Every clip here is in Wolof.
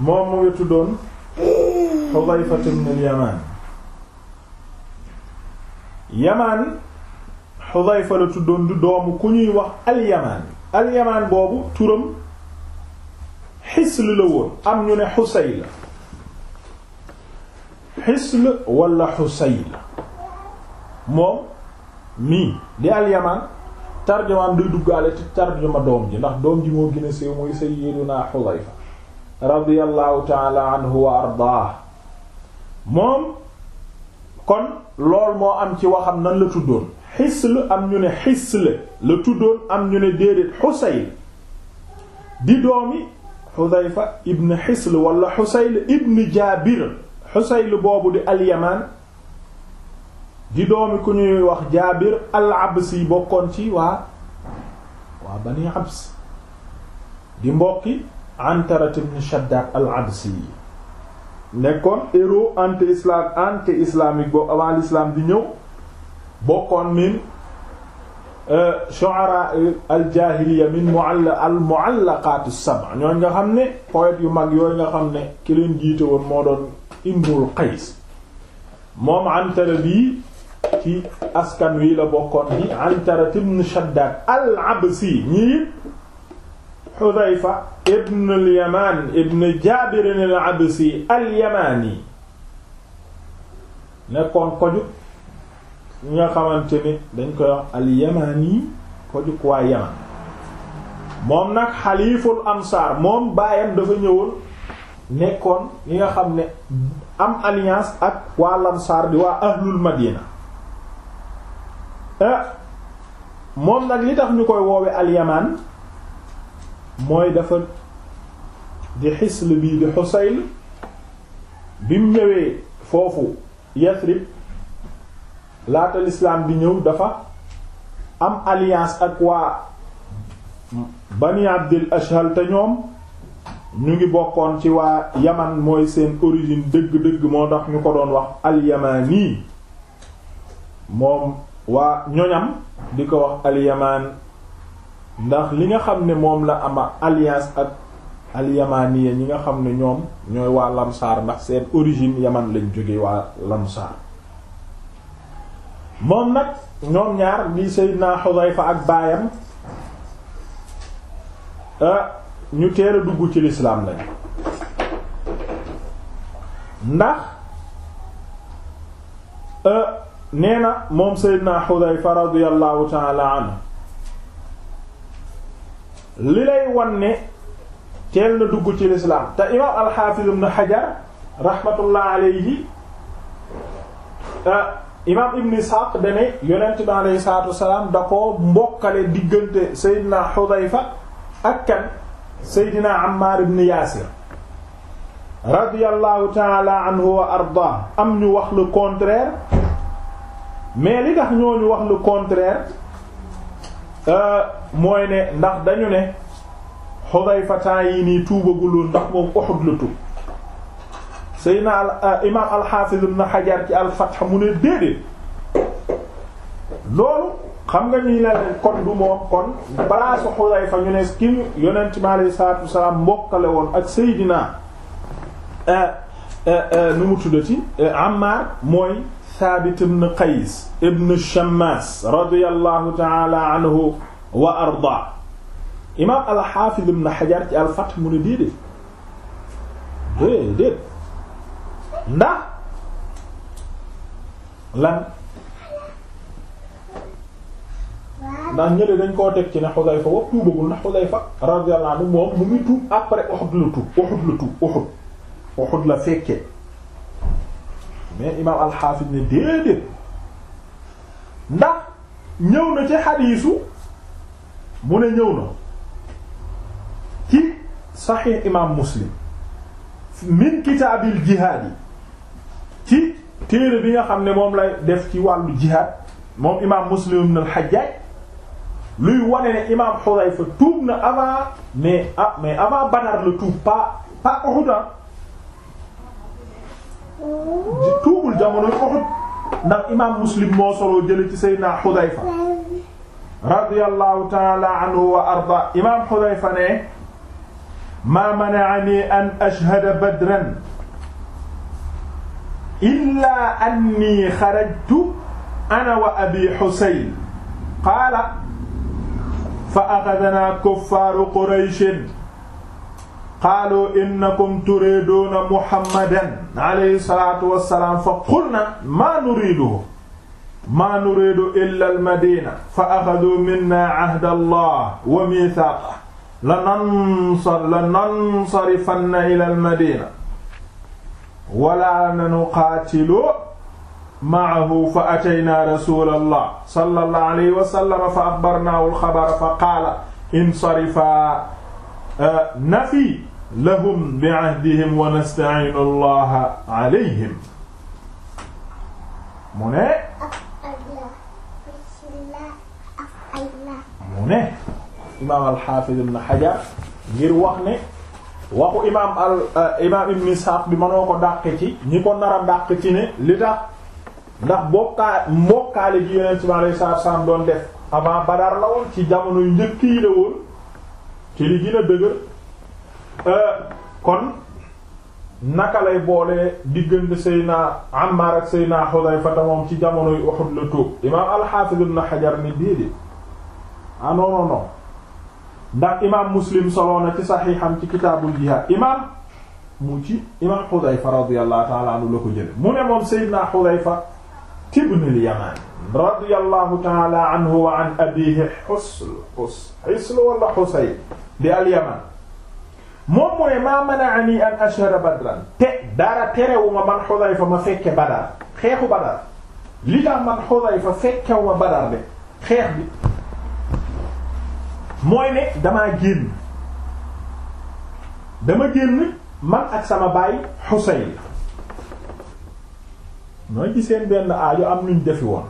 moom mu tuddoon Hudayfa ibn al-Yaman la tuddoon du doomu ku ñuy wax al-Yaman boobu turam Xisl la woon am ñu ne Xusay la Xisl wala Xusay la moom mii di al-Yaman tarjumaam duggaale ci tarjuma doom ji ndax doom ji moo gën a siiw muy Sayyiduna Hudayfa radiyallahu taala anhu wa ardaah moom kon lool moo am ci waxam nan la tuddoon xisl am ñu ne xisl la tuddoon am ñu ne déedéet xusayl di doomi xudayfa ibn xisl wala xusayl ibn jaabir xusayl boobu di alyamaan di doomi ku ñuy wax jaabir al absi bokkoon ci waa waa bani abs di mbokki Antarat ibn Shaddad al-Absi nekkoon héros boobu avant di ñëw bokkoon min euh, shu'ara al-jahiliya min mu'alla al-mu'allaqat as-sab' ñooñ nga xam ne poète yu mag yooyu nga xam ne ki leen jiite woon moo doon Imrul Qays moom Antara bii ci askan wi la bokkoon di Antara ibn Shaddad al-Absi ñii Xudayfa ibn al-Yamaan ibn Jaabir absi al nekkoon kojuk nga xamante ni dañ koy wax kojuk waa Yaman moom nag xaliiful ansaar moom baayam dafa ñëwul nekkoon yi nga xam ne am alliance ak waa lansaar di waa ahlul madina eh, moom nag li tax ñu koy woowe alyamaan mooy dafa di xisl bii di xusayl bi mu ñëwee foofu Yathrib laata lislaam di ñëw dafa am alliance ak waa bani Abdil te ñoom ñu ngi bokkoon ci waa Yaman mooy seen origine dëgg-dëgg moo tax ñu ko doon wax al-Yamani moom waa ñoñam di ko wax al ndax li nga xam ne moom la ama alliance ak alyamaniya ñi nga xam ne ñoom ñooy waa lamsaar ndax seen origine yaman lañ jóge waa lamsaar moom nag ñoom ñaar di Seydina Xudayfa ak baayam ah, ñu teel dugg ci lislaam lañ ndax ah, nee na moom Seydina Xudayfa radiyallahu ta'ala anhu li lay wan ne teel na dugg ci lislaam te imaam alxaafiz ibn xajar rahmatullah alayhi ah, imaam ibn isxaaq dane yonent bi alayhi salaatu wasalaam da ko mbokkale diggante seydina xudayfa ak seydina ammaar ibn yaasir radiyallahu taala anhu wa ardaa am ñu wax le contraire mais li tax ñooñu wax le contraire Euh, mooy ne ndax dañu ne Xudayfa temps yi nii tuubaguloon ndax moom Uhud la tuub Seydina euh, imaam al-Hafiz ibn ci al mu ne déedéet xam nga ñuy la leen kon du moom kon balaasu Xudayfa ñu ne ki yonent mi salaam mbokkale woon ak Seydina lu euh, mu tuddati Ammar mooy Thabit ibn Qays ibn Shammas radiyallahu ta'ala anhu wa arda imaam al-Hafiz ibn Hajar ci al-Fath mu ne déedéet déedéet ndax lan ndax ñële dañ koo teg ci ne Xudayfa wax tuubagul ndax Xudayfa radiyallahu anhu moom mu ngi tuub après Uhud la tuub Uhud la tuub Uhud Uhud la fekkee mais imaam alxaafis ne déedéet ndax ñëw na ci xadiisu mu ne ñëw na ci saxiix imaam muslim min kitaabil jihaad yi ci téere bi nga xam ne moom lay def ci wàllu jihaad moom imaam muslim ibn al-Hajjaj luy wane ne imaam Xudayfa tuub na avant mais ah mais avant Badar la tuub pas pas Uhud tuubul jamono yu Uhud ndax imaam Muslim moo solo jële ci Seydina Xudayfa radiyallahu ta'ala anhu wa arda imaam Xudayfa ne maa mana'ani an ashhada badran illaa anni xarajtu ana wa abi Husayn qaala fa axadanaa kuffaaru Qurayshin qaalu innakum turiduuna muhammadan alayhi salaatu wassalaam fa qulna maa nuriidu maa nuriidu illa almadina fa axaduu minna ahda allah wa mithaaqa la nansar la nansarifanna ila almadina wala nanuqaatilu maahu fa ataynaa rasula allah sallallahu alayhi wa sallam fa axbarnaahu alxabara fa qaala insarifaa eh, nafi lahum bi ahdihim wa nasta'inu allaha alayhim mu ne mu ne imaam alxaafiz ibn xajar ngir wax ne waxu imaam al eh, imaam ibn isxaaq bi mënoo ko dàq ci ñi ko nar a dàq ci ne li tax ndax bokkaa mbokkaale ji yonent bi alayhi doon def avant Badar la woon ci jamono yu njëkk yi la woon ci li gën dëgër Euh, kon naka lay boole diggante Seyna Ammar ak Seyna Xudayfa moom ci jamonoy Uhud la tuub imaam al-Hafiz ibn Hajar ni déedéet ah non non non ndax imaam Muslim soloo na ci saxiixam ci kitaabul jihaad imaam mu ci imaam Xudayfa radiyallahu ta'ala anhu la ko jële mu ne moom Seyna Xudayfa ibn al-Yaman radiyallahu ta'ala anhu wa an abiihi Hisl Hisl wala Husayn bi al-Yaman moom mooy maa manaani an ashhada badran te dara terewuma man Xudayfa ma fekke Badar xeexu Badar li tax man Xudayfa fekkewuma Badar de xeex bi mooy ne damaa génn dama génn man ak sama baay Xuseyn nooy ci seen benn aajo am nuñ defi woon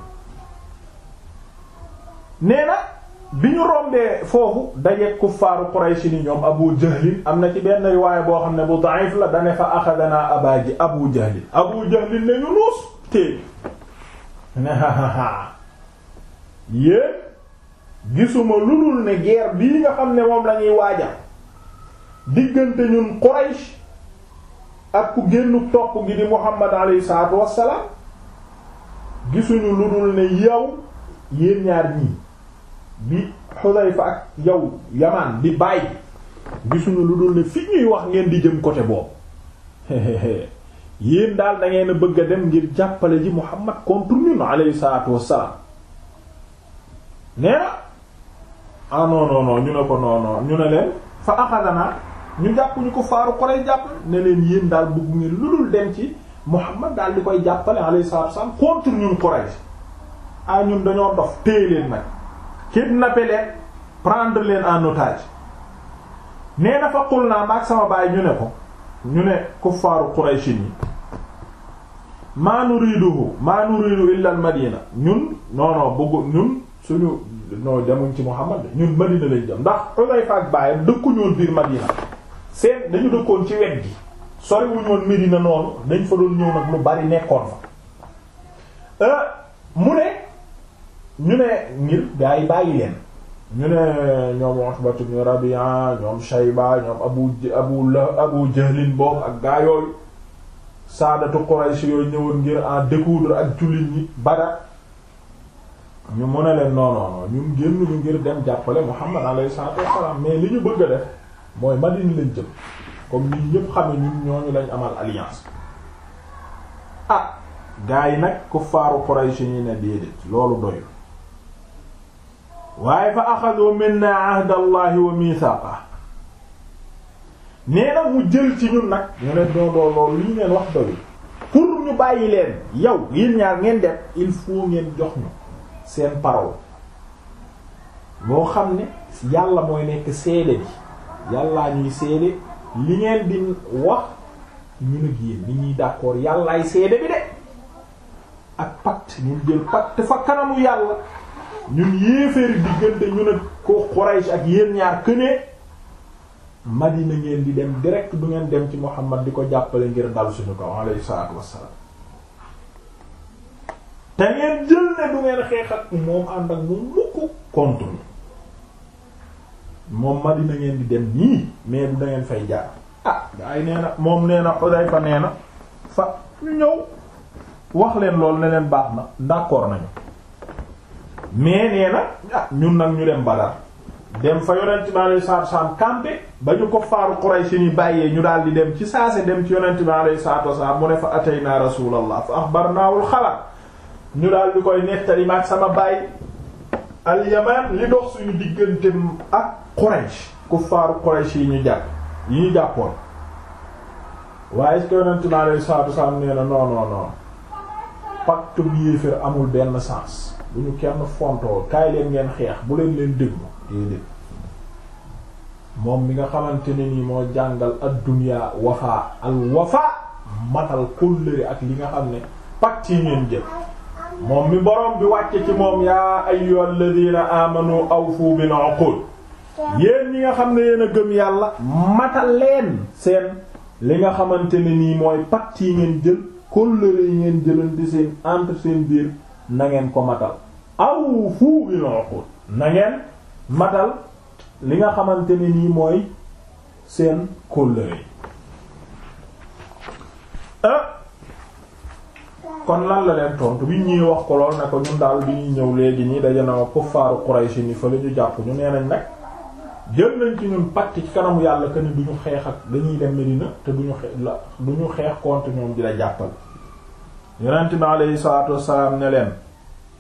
nee na bi ñu rombee foofu dajeek kuffaaru Quraysh ni ñoom Abu Jahlin am na ci benn riwaaya boo xam ne bu da'if la dane fa axadanaa abaaji Abu Jahlin Abu Jahlin ne ñu nuus téeg ne yéen gisuma lu dul ne guerre bii nga xam ne moom lañuy waajal diggante ñun Quraysh ak ku génnu topp gi di Muhammad alayhi salaatu wassalaam gisuñu lu dul ne yow yéen ñaar ñii bi Xudayfa ak yow yamaan bi bàyyi gisuñu lu dul ne fi ñuy wax ngeen di jëm côté boobu yéen daal da a bëgg a dem ngir jàppale ji Muhammad contre ñun alayhi salaatu wassalaam nee na ah non ñu ne ko non non ñu ne leen fa axadanaa ñu jàppuñu ko faaru Quraysh jàpp ne leen yéen daal bëgg ngeen lu dul dem ci Muhammad daal di koy jàppale alayhi salaatu wassalaam contre ñun Quraysh ah ñun dañoo dof téye leen nag. kidnapper leen prendre leen en otage nee na fa qul naa maag sama baay ñu ne ko ñu ne kuffaaru Qurayshin yi maa nuriduhu maa nuridu illa al madina ñun non non bëgg ñun suñu non jamuñ ci Muhammad ñun madina lañ jëm ndax Hudayfa ak baayam dëkkuñoon biir madina seen dañu dëkkoon ci wet gi sori wuñu noonu dañ fa doon ñëw nag lu bari nekkoon fa euh, mu ne ñu ne ngir gaa yi bàyyi leen ñu ne ñoom Utbatu ibn Rabi'a ñoom Shayba ñoom abu abu la abu Jahlin boobu ak gaa yooyu saadatu Quraysh yooyu ñëwoon ngir en découdre ak jullit ñi Badar ñu mën a leen non non ñun génn ñu ngir dem jàppale Muhammad alayhi salaatu wa salaam mais li ñu bëgg a def mooy Madina lañ jëm comme ni ñëpp xame ñun ñooñu lañ amal alliance ah gaa yi nag ku faaru Quraysh ñi ne déedéet loolu doyul waaye fa axadu na ahdallahi wa mithaqa nee na mu jël ci ñun nag ñu leen doo doo lool li ñu leen wax doyu pour ñu bàyyi leen yow yéen ñaar ngeen dem il faut ngeen jox ñu seen parole moo xam ne yàlla mooy nekk seede bi yàllaa ñuy seede li ngeen di wax ñun ak yéen li ñuy d'accord yàllaay seede bi de ak pacte ñu jël pacte fa kanamu yàlla ñun yéeféeri diggante ñu ne ko Quraysh ak yéen ñaar kënee Madina ngeen di dem direct du ngeen dem ci Muhammad di ko jàppale ngir dal suñu kaw alayhi salaatu wassalaam te ngeen jël ne du ngeen xeex ak moom ànd ak moom mukk contre moom Madina ngeen di dem nii mais du da fay jaar ah gaa nee na moom nee na Xudayfa nee na fa ñu wax leen loolu ne leen baax na d'accord nañu mais nee na ah ñun nag ñu dem Badar dem fa yonent bi alayhi salaatu wasalaam ba ñu ko faaru Quraysh ni bàyyee ñu daal di dem ci saase dem ci yonent bi alayhi salaatu wasalaam mu ne fa ataynaa rasuulallah fa axbarnaawul xabar ñu daal di koy nettali ma sama baay alyamaan li dox suñu diggante ak Quraysh kuffaaru Quraysh yi ñu jàpp yi ñu jàppoon waaye est-ce que yonent bi alayhi salaatu wasalaam nee na non non non pacte bi yéeféer amul benn sens bu ñu kenn fontoo kaay leen ngeen xeex bu leen leen déglu moom mi nga xamante ne nii moo jàngal ad-dunya wafa al wafa matal kóllëre ak li nga xam ne pàcc yi ngeen jël moom mi boroom bi wàcce ci moom yaa ayyuhal ladina amanu awfu bil ko yéen yi nga xam ne yéen a yàlla matal leen seen li nga xamante ni nii mooy pàcc yi ngeen jël kóllëre yi ngeen jëlante seen entre seen biir nangeen ko matal awfu bil uqud na ngeen matal li nga xamante ne nii mooy seen kóllëre ah! kon lan la leen tontu bi ñuy wax ko lool ne ko ñun daal bi ñuy ñëw léegi ñii daje na kuffaaru Quraysh ni fa la ñu jàpp ñu nee nañ nag jël nañ ci ñun pàcc ci kanamu yàlla que ni du ñu xeex ak dañuy dem Medina te du ñu xeex la du ñu xeex contre ñoom di la jàppal. yonent bi alayhi salaatu wassalaam ne leen.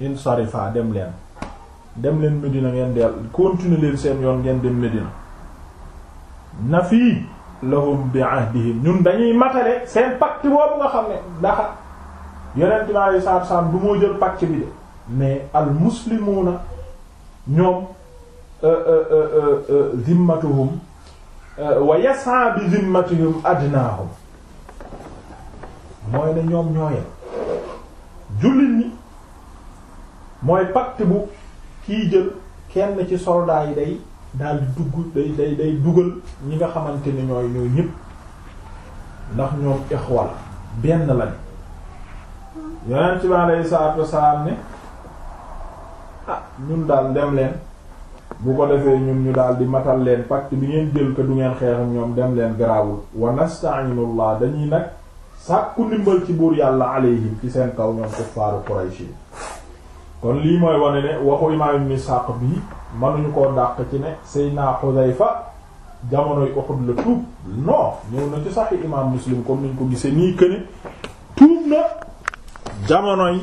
insarifa dem leen dem leen Medina ngeen dell continuer leen seen yoon ngeen dem Medina na fii lahum bi ahdihim ñun dañuy matale seen pacte boobu nga xam ne ndax yonent bi alei salatu salaam du moo jël pacte bi de mais al muslimuna ñoom euh, euh, euh, zimmatuhum wa yas'a bi zimmatihum adnaahum mooy ne ñoom ñooyem jullit ñi mooy pacte bu kii jël kenn ci soldaay yi day daal di dugg day day dugal ñi nga xamante ni ñooy ñooy ñëpp ndax ñoom ixwa la benn lañ yonent bi alayhi salaatu wasalaam ne ah ñun daal dem leen bu ko defee ñun ñu daal di matal leen pacte bi ngeen jël ko du ngeen xeex ñoom dem leen garaawul wa nasta'inullah dañuy nag sàkku ndimbal ci buur yàlla alayhim ci seen kaw ñoom kuffaaru Quraysh kon lii mooy wane ne waxu imaam ibn Isaaq bi mënuñu koo dàq ci ne Seydina Xudayfa jamonoy Uhud la tuub non ñëw na ci Sahih imaam Muslim comme niñ ko gisee nii que ne tuub na jamonoy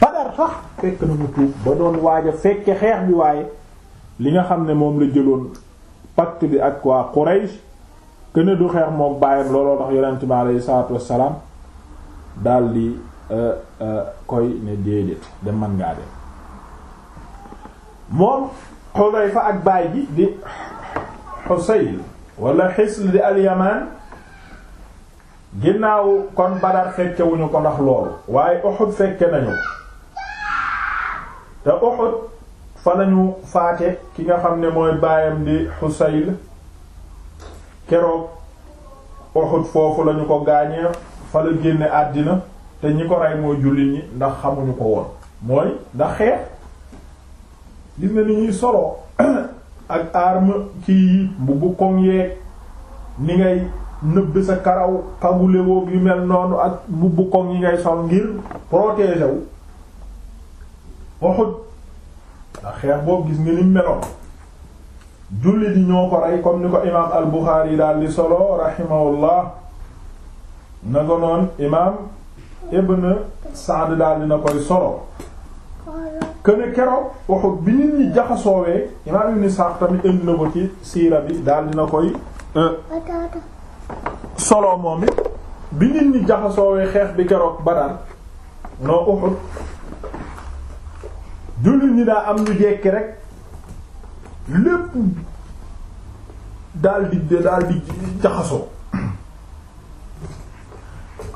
Badar sax fekk na tuub ba doon waaj fekke xeex bi waaye li nga xam ne moom la jëloon pacte bi ak waa Quraysh que du xeex moom bàyyam looloo tax Yonent bi salaatu wassalaam daldi Euh, euh, koy ne déedéet dem man ngaa dem moom Xudayfa ak baay bi di Xusayl wala Xisl di Alyamaan ginnaaw kon Badar fekkewuñu ko ndax loolu waaye Uhud fekke nañu te Uhud fa lañu faate ki nga xam ne mooy baayam di Xusayl keroog Uhud foofu lañu ko gaañee fa la génne àddina te ñi ko rey mooy jullit ñi ndax xamuñu ko woon mooy ndax xeex gis nga ni ñuy solo ak arme kii bu koŋ yeeg ni ngay nëbb sa karaw kagulewoog yu mel noonu ak bu bu koŋ yi ngay sol ngir protéger wu ndax xeex boobu gis nga ni meloon julli di ñoo ko rey comme ni ko imaam al Buxaari daal di solo rahimahullah na ko imaam ibn Saad daal dina koy solo këne keroog Uhud bi nit ñi jaxasoowee imaam ibn Sa'd tamit indi na ko ci siira bi daal dina koy e, solo moom it bi nit ñi jaxasoowee xeex bi keroog Badar noo Uhud jullit ñi daa am ñu jekki rek lépp daal di daal di jaxasoo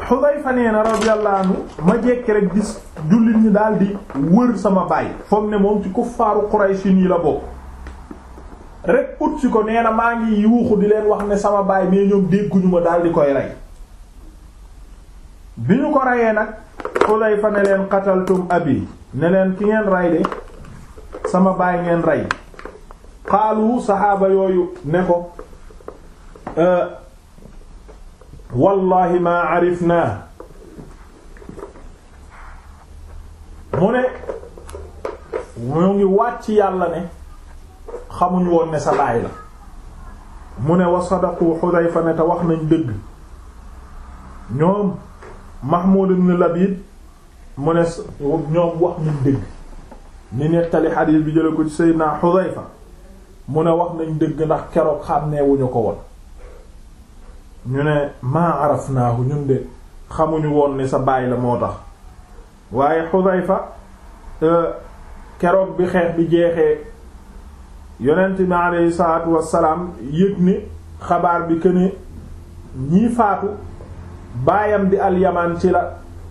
Xudayfa nee na radiyallahu anhu ma jekki rek gis jullit ñi daal wër sama baay foog ne moom ci kuffaaru Quraysh yi la bokk rek ut si ko nee na maa ngi yuuxu di leen wax ne sama baay mais ñoom dégguñu ma daal di koy rey bi ñu ko reyee nag Xudayfa ne leen qataltum abi ne leen ki ngeen rey de sama baay ngeen rey xaalu saxaaba yooyu ne ko. Euh, wallahi maa arifnaa mu ne mu ngi wàcc yàlla ne xamuñ woon ne sa baay la mu ne wa sadaqu Xudayfa ne te wax nañ dëgg ñoom Mahmoud ibn Labid mu ne ñoom wax nañ dëgg ni nettali xadiis bi jële ko ci Seydina Xudayfa mu ne wax nañ dëgg ndax keroog xam ne wuñu ko woon ñu ne maa arafnaahu ñun de xamuñu woon ni sa baay la moo tax waaye Xudayfa euh, keroog bi xeex bi jeexee yonent bi aleyhi salaatu wassalaam yëg ni xabaar bi këne ñii faatu baayam di alyamaan ci la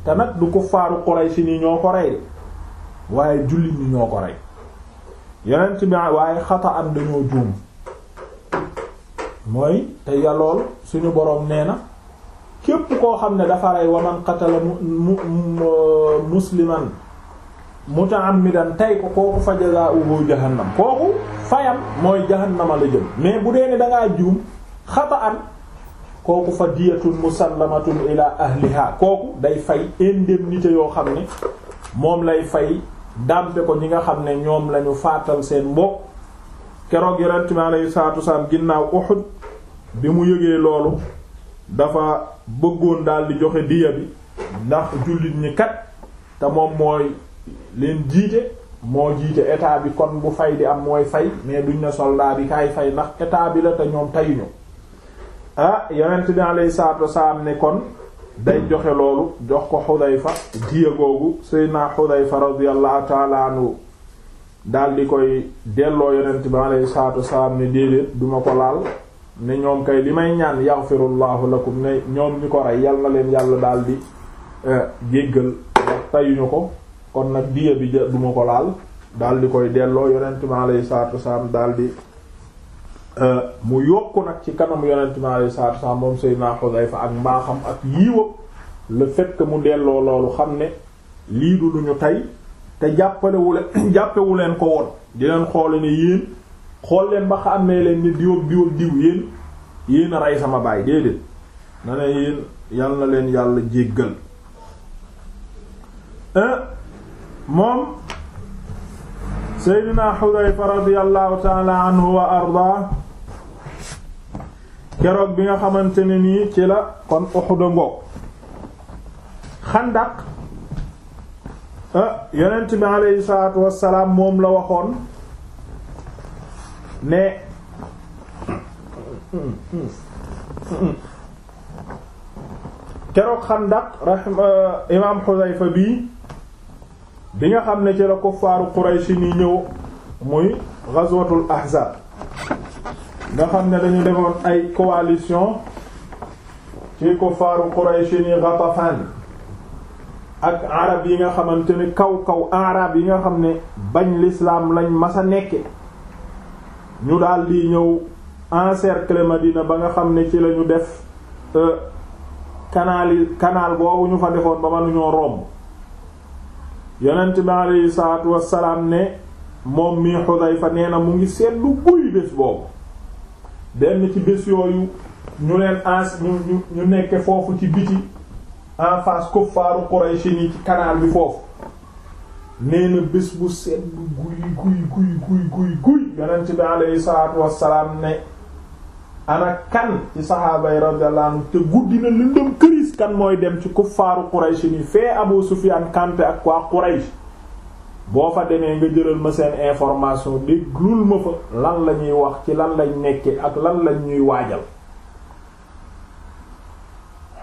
te nag du ko faaru Quraysi ni ñoo ko rey waaye jullit ñi ñoo ko rey yonent bi waaye xata am dañoo juum mooy te ya lool suñu boroom nee na képp koo xam ne dafa rey waman qatala mu musliman muta'ammidan tey ko kooku fa jazaa'uhu jahannam kooku fayam mooy jahannama la jëm mais bu dee ne dangaa juum xata'an kooku fa diyatun musallamatun ila ahliha kooku day fay indemnité yoo xam ne moom lay fay dàmpe ko ñi nga xam ne ñoom lañu faatal seen mbokk keroog yonent mi alayhi salaatu wasalaam ginnaaw Uhud bi mu yëgee loolu dafa bëggoon daldi joxe diya bi ndax jullit ñi kat te moom mooy leen jiite moo jiite état bi kon bu fay di am mooy fay mais duñ ne soldat fay ndax état bi la te ñoom tayuñu ah yonent bi alayhi salaatu wasalaam ne kon day joxe loolu jox ko Xudayfa diya googu Seydina Xudayfa radiyallahu taala anhu daldi koy delloo yonent bi alayhi salaatu wasalaam ne déedéet duma ko laal ne ñoom kay li may ñaan yaxfirullahu lakum ne ñoom ñi ko rey yal na leen yàlla daal di eh, jéggal ko kon nag diya bi ja duma ko laal daal di koy delloo yonent mi lay saatu wasalaam daal eh, mu yokk nag ci kanam yonent mi alayhi salaatu wasalaam moom Seydina fa ak mbaaxam ak yiiwam le fait mu delloo loolu xam ne lii du lu tey te jàppalewule jàppewu leen ko woon di leen xoole ne yéen xool leen ba xam ne leen ni diw ak diw ak diw rey sama baay déedéet na ne yéen yal leen yàlla jéggal eh, moom Seydina Xudayfa radiyallahu taala ardaa keroog bi nga xamante ne nii ci la kon Uhud ngoog xandaq eh, yonent bi aleyhi salaatu wassalaam moom la waxoon ne keroog xandaq rahma euh, imaam Xuzayfa bii bi nga xam ne ci la kuffaaru Qurayshi ni ñëw muy ghazwatul ahzab nga xam ne dañu demoon ay coalition ci kuffaaru Qurayshi ni Ghatafan ak arab yi nga xamante ni kaw kaw arab yi nga xam ne bañ lislaam lañ mas a nekke ñu daal di ñëw encercler Madina ba nga xam ne ci la ñu def euh, canal kanaal canal boobu ñu fa defoon ba mënuñoo romb yonent bi aleyhi salaatu wassalaam ne moom mii Xudayfa nee na mu ngi seetlu buy bés boobu benn ci bés yooyu ñu leen ans ñu ñu nekke foofu ci biti en face kuffaaru Quraysh ni ci canal bi foofu nee bés bu sedd guy guy guy guy guy guy yonent bi aleyhi salaatu wassalaam ne ana kan ci saxaaba yi te guddi na lëndëm këris kan mooy dem ci kuffaaru Quraysh ni fee Abu Sufyaan kante ak waa Quraysh boo fa demee nga jëlal ma seen information déglul ma fa lan la ñuy wax ci lan lañ nekke ak lan lañ ñuy waajal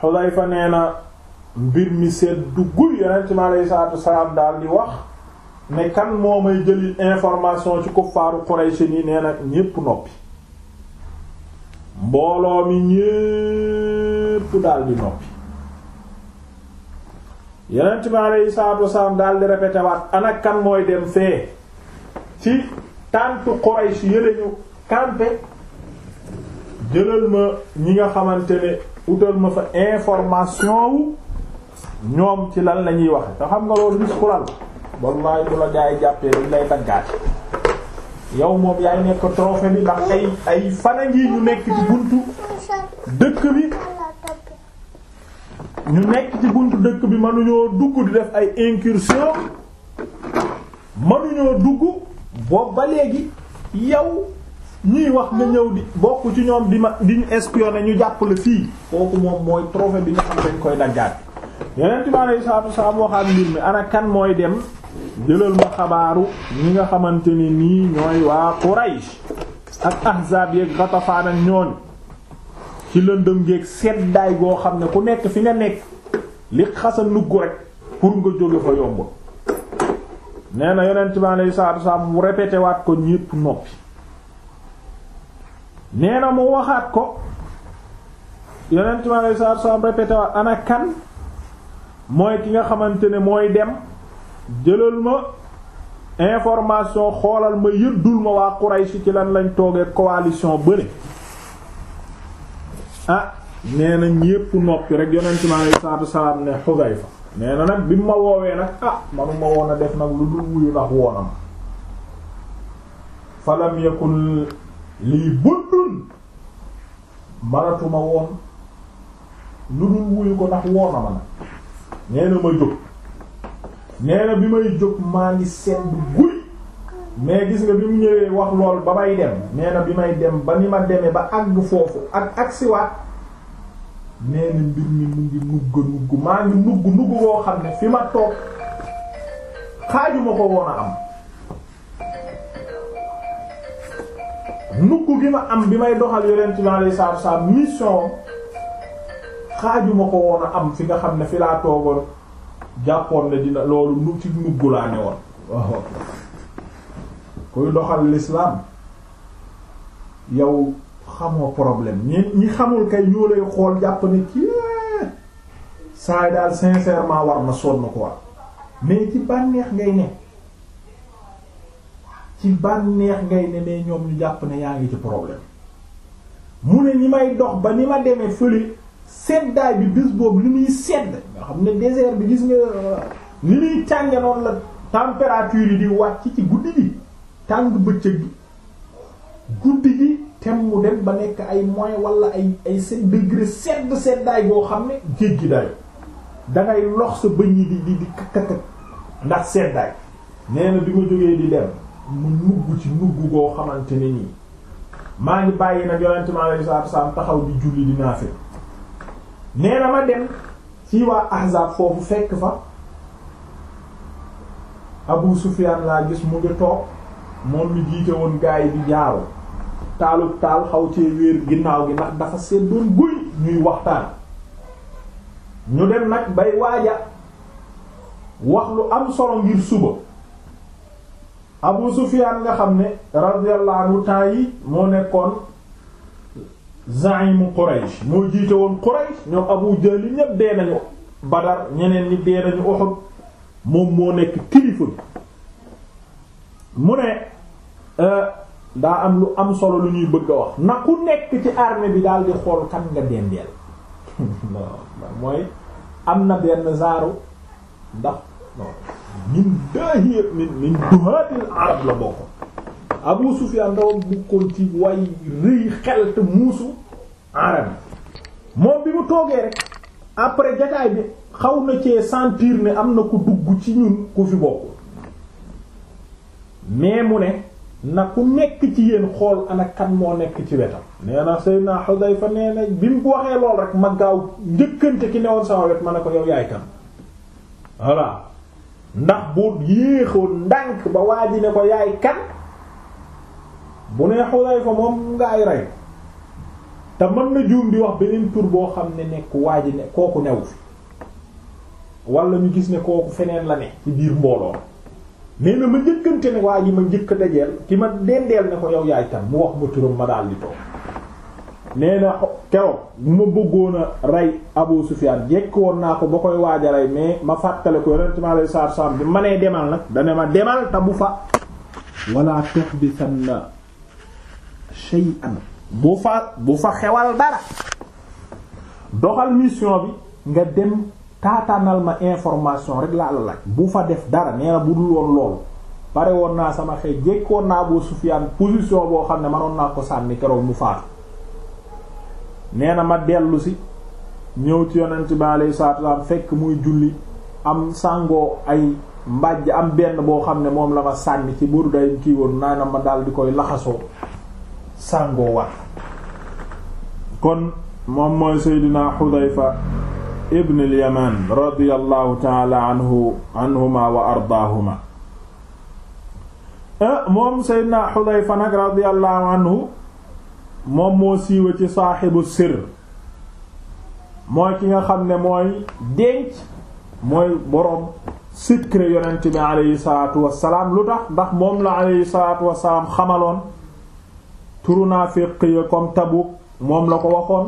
Xudayfa nee na mbir mi seet duggul yonent mi aleyhi salaatu wassalaam daal di wax ne kan moo may jëli information ci kuffaaru Quraysh ni nee na ñépp noppi mbooloo mi ñépp daldi noppi yonent bi aleyhi salaatu wasalaam daldi répété waat ana kan mooy dem fee ci tàntu Quraysh yële ñu campé jëlal ma ñi nga xamante ne utal ma fa information wu ñoom ci lan la ñuy waxe te xam nga loolu risque la wallaay bu la gaa yi jàppee dañ lay daggaati yow moom yaay nekk trophée bi ndax ay ay fan ñu nekk ci buntu dëkk bi ñu nekk ci buntu dëkk bi mënuñoo dugg di def ay incursion mënuñoo dugg boobu ba léegi yow ñuy wax nga ñëw di bokk ci ñoom di ma di ñu espionner ñu jàppale fii kooku moom mooy trophée bi nga xam dañ koy daggaat yeneen ci maanaam saabu waxaat mbir mi ana kan mooy dem jëlal ma xabaaru ñi nga xamante ne nii ñooy waa Quraysh ak ahzaab yeeg Ghatafaan ak ñooñu ci lëndëm seddaay goo xam ne ku nekk fi nga nekk li xasa nugg rek pour nga jóge fa yomb nee na yonent bi alayhi salaatu wasalaam mu répété waat ko ñépp noppi nee na mu waxaat ko yonent bi alayhi salaatu wasalaam répété waat kan mooy ki nga xamante ne mooy dem jëlal ma information xoolal ma yëddul ma waa Quraysh ci lan lañ toogee coalition bële ah nee na ñépp noppi rek yonent mi alayhi salaatu salaam ne Xudayfa nee na nag bi ma woowee nag ah manuma woon a def nag lu dul wuyu ndax woonam falam yakun lii buddun maratuma woon lu dul wuyu ko ndax woonama nag nee na ma jóg nee bi may jóg maa ngi seen bu guy gis nga bi mu ñëwee wax lool ba may dem nee na bi may dem ba ni ma demee ba àgg foofu ak agsiwaat nee na mbir mi mu ngi nugg nugg maa ngi nugg nugg koo xam ne fi ma toog xaajuma ko woon a am nugg bi ma am bi may doxal yonent bi alayhi salaatu wa salaam mission xaajuma ko woon a am fi nga xam ne fi laa toogoon jàppoon ne dina loolu nu ci nugg laa ne woon waaw kuy doxal l'islam yow xamoo problème ñi ñi xamul kay ñoo lay xool jàpp ne kii saay daal sincèrement war ma sonn quoi mais ci bànneex ngay ne ci bànneex ngay ne mais ñoom ñu jàpp ne yaa ngi ci problème mu ne ni may dox ba ni ma demee fële seddaay bi bés boobu li muy sedd nga xam ne désert bi gis nga ni muy tànge la température yi di wàcc ci guddi gi tàng bëccëg gi guddi gi tem mu dem ba nekk ay moye walla ay ay sept degré sedd seddaay boo xam ne géej gi dayo dangay lox sa bëñ yi di di di kakkakat ndax seddaay nee bi ma jógee di dem mu nugg ci nugg goo xamante ne nii maa ngi bàyyi na yonente mi alayhi salaatu wa salaam taxaw di julli di naafil nee na ma dem ci waa ahzab foofu fekk fa Abu Sufyan laa gis mu ngi toog moom mi jiite woon gaa yi di jaaru taalub taal xaw cee wéer ginnaaw gi ndax dafa seet doon guy ñuy waxtaan ñu dem nag bay waaja wax lu am solo ngir suba Abu Sufyan nga xam ne radiyallahu anhu yi moo nekkoon zaimu Quraysh moo jiite woon Quraysh ñoom Abu Jahl ñépp dee nañu Badar ñeneen ñi dee nañu Uhud moom moo nekk kilifa mu ne euh, daa am lu am solo lu ñuy bëgg a wax na ku nekk ci armée bi daal di xool kan nga dendeel mooy am na benn zaaru ndax min daahir min min duhaatil arab la bokk Abu Sufyaan ndawam bukkoon ci way rëy xel te muusu arab moom bi mu toogee rek après jataay bi xaw na cee sentir ni am na ku dugg ci ñun ku fi bokk mais mu ne na ku nekk ci yéen xool ana kan moo nekk ci wetam nee na Seydina Xudayfa nee na bi mu waxee lool rek ma gaaw njëkkante ki newoon sama wet ma ne ko yow yaay kan voilà ndax boo yéexoon ndànk ba waa ji ne ko yaay kan bu nee Xudayfa moom nga ay rey te man na juum di wax beneen tur boo xam ne nekk waa ji ne kooku new fi wala ñu gis ne kooku feneen la ne ci biir mbooloo nee na ma njëkkante ne waa ji ma njëkk dajeel ki ma dendeel ne ko yow yaay tam mu wax ma turam ma daal di toog nee na keroog bu ma bëggoon a rey Abu Sufyan jekk woon naa ko ba koy waaj rey mais ma fàttale ko yorentement lay saar sam bi ma nee demal nag dane ma demal te fa wala tex bi san na shay'an bu fa bu fa xewal dara doxal mission bi nga dem taataanal ma information rek laa la laaj bu fa def dara nee bu dul woon loolu pare woon naa sama xëy jekkoon naa boo Sufyaan position boo xam ne manoon naa ko sànni keroog mu faatu nee na ma dellu si ñëw ci yonent bi alayhi salaatu fekk muy julli am sàngoo ay mbàjj am benn boo xam ne moom la ma sànni ci buur day kii woon naa ma daal di koy laxasoo sàngoo war kon moom mooy seydina xudayfa ibn al yaman radiallahu taala anhu wa ardaahuma eh, moom seydina xudayfa nag radiallahu anhu moom moo siiwe ci saaxibu sir mooy ki nga xam ne mooy denc mooy boroom secret yonent bi aleyhi salaatu wassalaam lu tax ndax moom la aleyhi salaatu wassalaam xamaloon turu naafiq ya comme Tabuk moom la ko waxoon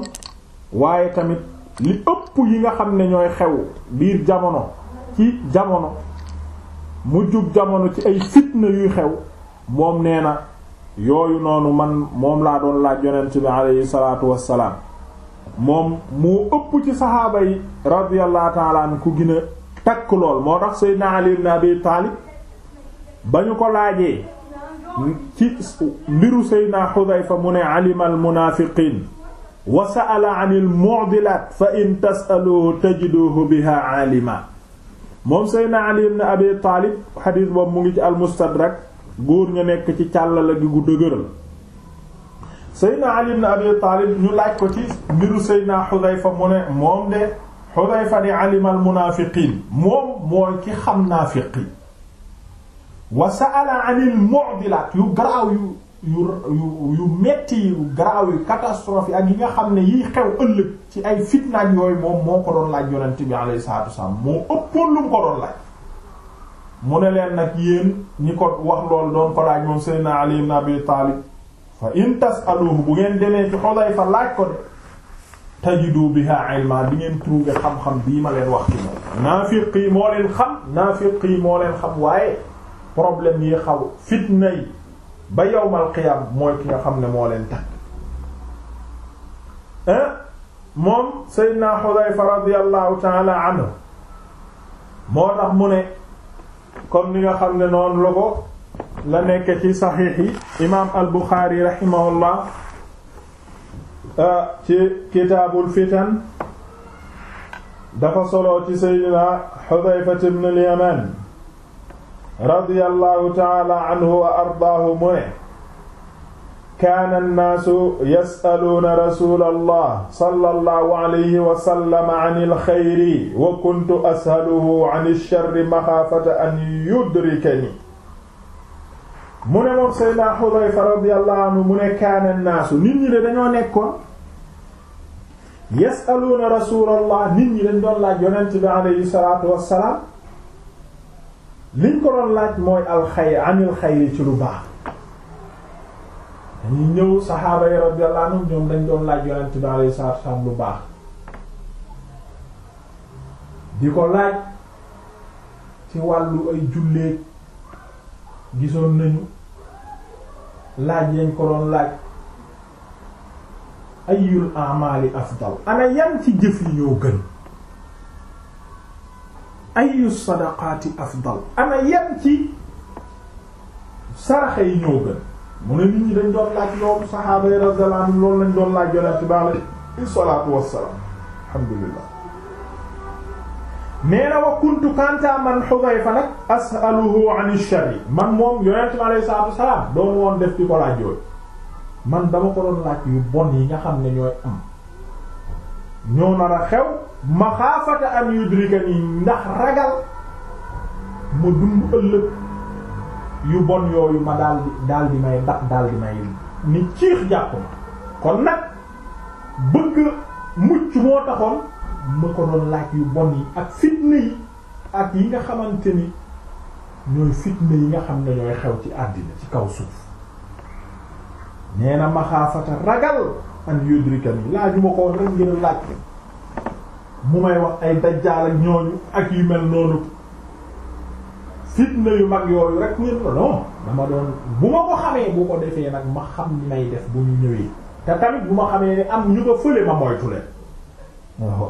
waaye tamit li ëpp yi nga xam ne ñooy xew biir jamono ci jamono mu mujjub jamono ci ay fitna yuy xew moom nee na yooyu noonu man moom laa doon laaj yonent bi aleyhi salaatu wassalaam moom mu ëpp ci saxaaba yi radiyallahu taala ku gën takk lool moo tax Seydina Ali ibn Abi Taalib ba ñu ko laajee ci mbiru Seydina Xudayfa mu ne fa in tas'aluhu tajiduhu biha alima moom Seydina Ali Abi Taalib mu ngi ci almustadrak góor ña nekk ci càllala gi gu ñu laaj ko ci mbiru Seydina Xudayfa mu ne moom de Xudayfa di moom mooy ki xam naafiqi wa sa'ala anil mu'dilat yu garaaw yu yu metti yu garaaw yu catastrophe ak yi nga xam ne yii xew ëllëg ci ay fitnaak yooyu moom moo ko doon laaj yonent bi alayhi mu ne leen nag yéen ni ko wax loolu doon ko laaj moom Seydina Ali ibn Abi Taalib fa in tas'aluhu bu ngeen demee ci Xudayfa laaj ko de tajidu biha ilma di ngeen trouver xam-xam bii ma leen wax ci moom naafiq yi moo leen xam naafiq yi moo leen xam waaye problème yi xaw fitna yi ba yowmal qiyam mooy ki nga xam ne moo leen tànn moom Seydina Xudayfa radiyallahu taala anhu moo tax mu ne comme ni nga xam ne noonu la ko la nekk ci saxiix yi imaam al Buxaari rahimahullah euh, ci dafa solo ci Seydina Xudayfa ibn al-Yaman radiyallahu taala anhu wa ardaahu mu ne kaana annaasu yasaluuna rasula allah sallallahu alayhi wa sallam an alxayri wa kuntu ashaluhu an alsharri maxaafata an yudrikani mu ne moom seydna xudayfa radiyallahu anhu mu ne kaana annaasu nit ñi de dañoo nekkoon yasaluuna rasula allah nit ñi dañ doon laaj yonent bi alayhi salaatu wassalaam liñ ko doon laaj mooy alxay anil xayri ci lu baax dañuy ñëw saxaaba yi radiyallahu anhum ñoom dañ doon laaj yonent bi alayhi salaatu wa lu baax di ko laaj ci wàllu ay julleek gisoon nañu laaj yañ ko doon laaj ayyul amali afdal ana yan ci jëf yi ñoo gën ayu sadaqaati afdal ana yan ci saraxe yi ñoo gën mu ne nit ñi dañ doon laaj yoom saxaaba yi radiyallahu anhum loolu lañ doon laaj yonent bi alayhi salaatu wassalaam alhamdulillah nee na wa kuntu kanta man Hudayfa nag as'aluhu an ash-sharri man moom yonent bi alayhi salaatu wassalaam doon woon def ci ko laaj yooyu man dama ko doon laaj yu bon yi nga xam ne ñooy am ñoo nar a xew maxaafata an yudrikani ndax ragal ma dund ëllëg yu bon yooyu ma daal di may ndax daal di may ni ciix jàpp ma kon nag bëgg mucc moo taxoon ma ko doon laaj yu bon yi ak fitna yi ak yi nga xamante ni ñooy fitna yi nga xam ne ñooy xew ci àddina ci kaw suuf nee na maxaafata ragal an yudrikani laaju ma ko woon rek ngir laaj mu may wax ay dajjaal ak ñooñu ak yu mel noonu fitna yu mag yooyu rek ngir non dama doon bu ma ko xamee bu ko defee nag ma xam ni may def bu ñu ñëwee te tamit bu ma xamee am ñu ko fële ma moytu leen waaw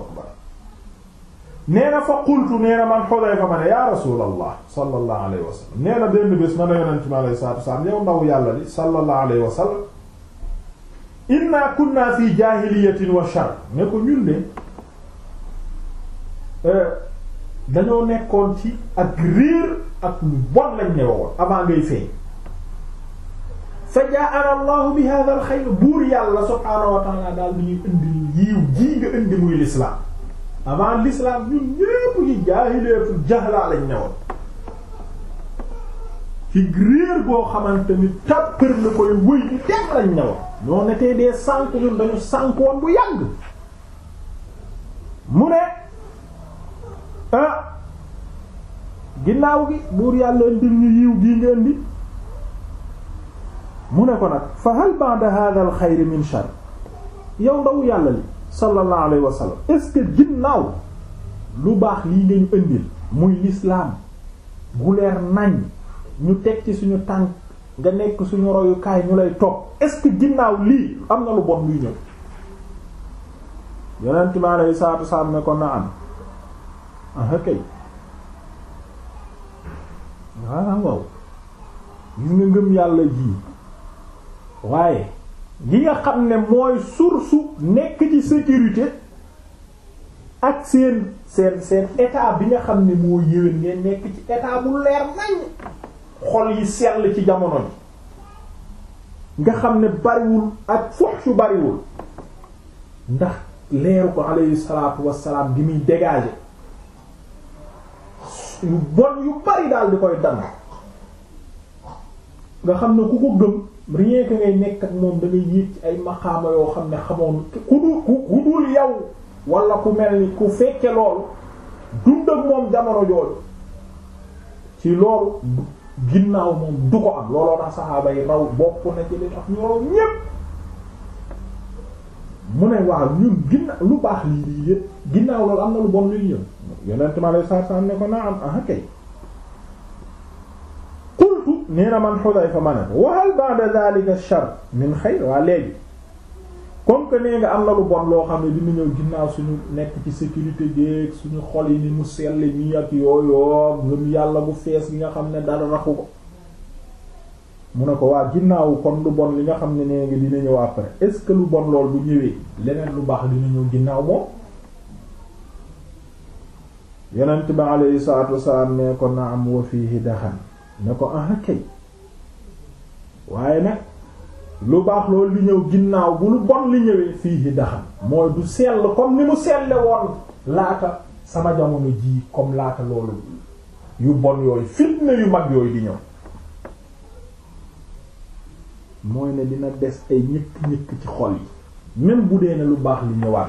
nee na fa qultu nee na man Xudayfa ma ne ya rasulallah sallallahu alayhi wa sallam benn bés ma ne yonent mi alayhi salaatu ndaw yàlla li sallallahu alayhi wa inna kunna fi jaahiliyatin wa shar ne ko ñun de euh, dañoo nekkoon ci ak riir ak lu bon lañ ne woon avant ngay feeñ fa jaa'ana allahu bi hadha al buur yàlla subhaanahu wa ta'ala daal bi ñuy indi yiiw jii nga indi muy l'islam avant l'islam ñun ñépp yi jaahiliyatu jahlaa lañ ne woon ci réer goo xamante ni tàppar la koy wëy di dem lañ ne wax ñoo ne tey dee sànk ñun dañu sànkoon bu yàgg mu ne ah, ginnaaw gi buur yàlla indil ñu yiw gii nga indi mu ne ko nag fa hal ba'da hadha al xayr min yow ndaw yàlla li sallallahu alayhi wa est ginnaaw lu baax lii nga ñu muy lislaam gu leer ñu teg ci suñu tànk nga nekk suñu royukaay ñu lay topp est-ce que ginnaaw lii am na lu bon luy ñëw yonent mi alayhi salaatu salaam ne ko na am ah kay waaw waaw gis nga ngëm yàlla ji waaye li nga xam ne mooy source nekk ci sécurité ak seen seen seen état bi nga xam ne moo yéwén ngeen nekk ci état bu leer nañ xol yi sell ci jamono ji nga xam ne bariwul ak fuhshu bariwul ndax leeru ko alayhi salaatu wassalaam gi muy dégager yu bon yu bari daal di koy dana nga xam ne ku ko gëm rien ngay nekk ak moom da yéeg ci ay maqaama yoo xam ne xamoon ku dul ku dul yow wala ku mel ni ku fekke loolu dund ak moom jamono jooju ci loolu ginnaaw moom du ko am looloo tax raw bokk na ci tax ñu raw ñépp mu ne waaw lu baax lii lii yépp ginnaaw loolu am na lu bon luy ñëw yonent ma lay ko naa aha kay qultu nee na man Xudayfa ma ne wa hal ba'da dhalika ash-sharr min xayr waa léegi comme que nee am na lu bon loo xam ne dina ñëw ginnaaw suñu nekk ci sécurité géeg suñu xol yi ni mu sell yi ak yooyoo ngëm yàlla bu fees gi nga xam ne dara raxu ko mu ne ko waa ginnaaw kon lu bon li nga xam ne nee nga dina ñëw après est ce que lu bon lool bu ñëwee leneen lu baax li dina ñëw ginnaaw moom yonent bi alayhi salaatu wasalaam ne ko naam wa fiihi daxan ne ko ah kay waaye nag lu baax loolu lu ñëw ginnaaw bu lu bon li ñëwee fii daxan mooy du sell comme ni mu selle woon laata sama jamono ji comme laata loolu yu bon yooyu fitna yu mag yooyu di ñëw mooy ne dina des ay ñëkk ñëkk ci xol yi même bu dee ne lu baax li ñëwaat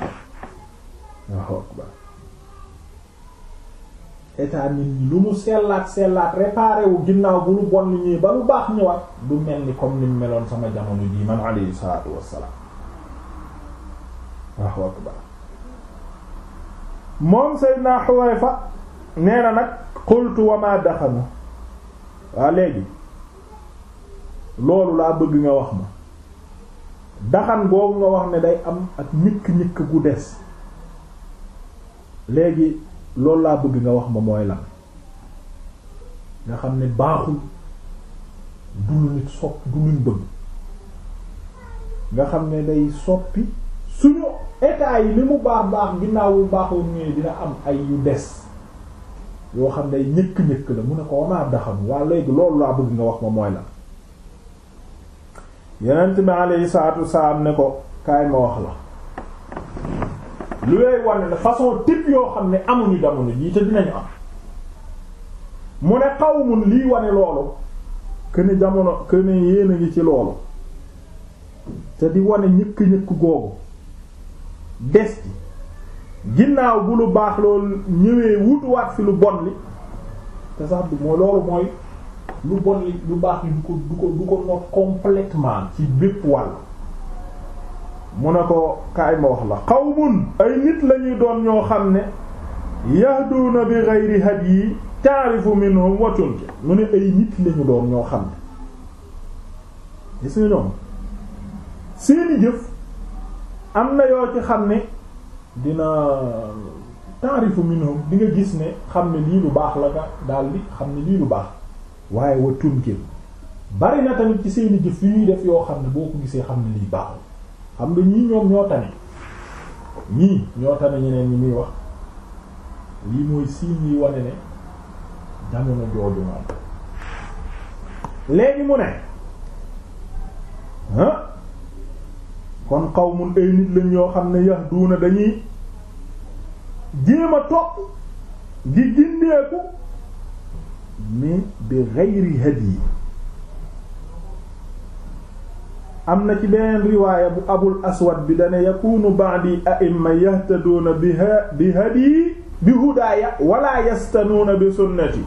la état nit ñi lu mu sellaat sellaat réparé ginnaaw bu lu bon ñuy ba lu baax ñëwaat du mel ni comme ni meloon sama jamono jii man alayhi salaatu wassalaam waaw akbar moom Seydina Huwayfa nee na nag qultu wa ma daxanu waa léegi loolu laa bëgg nga wax ma daxan boobu nga wax ne day am ak ñikk ñikk gu des léegi loolu laa bëgg nga wax ma mooy lan nga xam ne baaxul du lu nit sopp du luñ bëgg nga xam ne day soppi suñu état yi li mu baax baax ginnaaw baaxul nii dina am ay yu des yoo xam ne ñëkk-ñëkk la mu ne ko wamaa daxam waa léegi loolu laa bëgg nga wax ma mooy lan yenent bi alayhi saa wasalaam ne ko kaay ma wax la lu lay wane la façon type yoo xam ne amuñu jamono jii te dinañu am mu ne qawmun lii wane loolu këne jamono këne yéen a ngi ci loolu te di wane ñëkk ñëkk googu des ci ginnaaw bu lu baax loolu ñëwee wutuwaat fi lu bon li te sax du moo loolu mooy lu bon li lu baax li du ko du ko du ko noot complètement ci bépp wàll mu ne ko kaay ma wax la qawmun ay nit lañuy doon ñoo xam ne yahduuna bi ghayri hadyi taarifu minhum wa tunki mu ne ay nit lañu doon ñoo xam ne gis nga ñoom seeni jëf am na yoo ci xam ne dina taarifu minhum di nga gis ne xam ne lii lu baax la nga daal xam ne lii lu baax waaye wa tunki bari na tamit ci seeni jëf yu ñuy def yoo xam ne boo ko gisee xam ne lii baaxul xam nga ñii ñoom ñoo tane ñii ñoo tane ñeneen ñi muy wax lii mooy signe yi wane ne jamono jooju moom mu ne ah kon qawmun ay nit lañ yoo xam ne yahduuna dañuy jéem topp di dindeeku mais bi ghayri hadi am na ci beneen riwaaya bu abul aswad bi dane yakunu ba'di a'imma yahtaduuna biha bi hadi bi hudaaya wala yastanuuna bi sunnati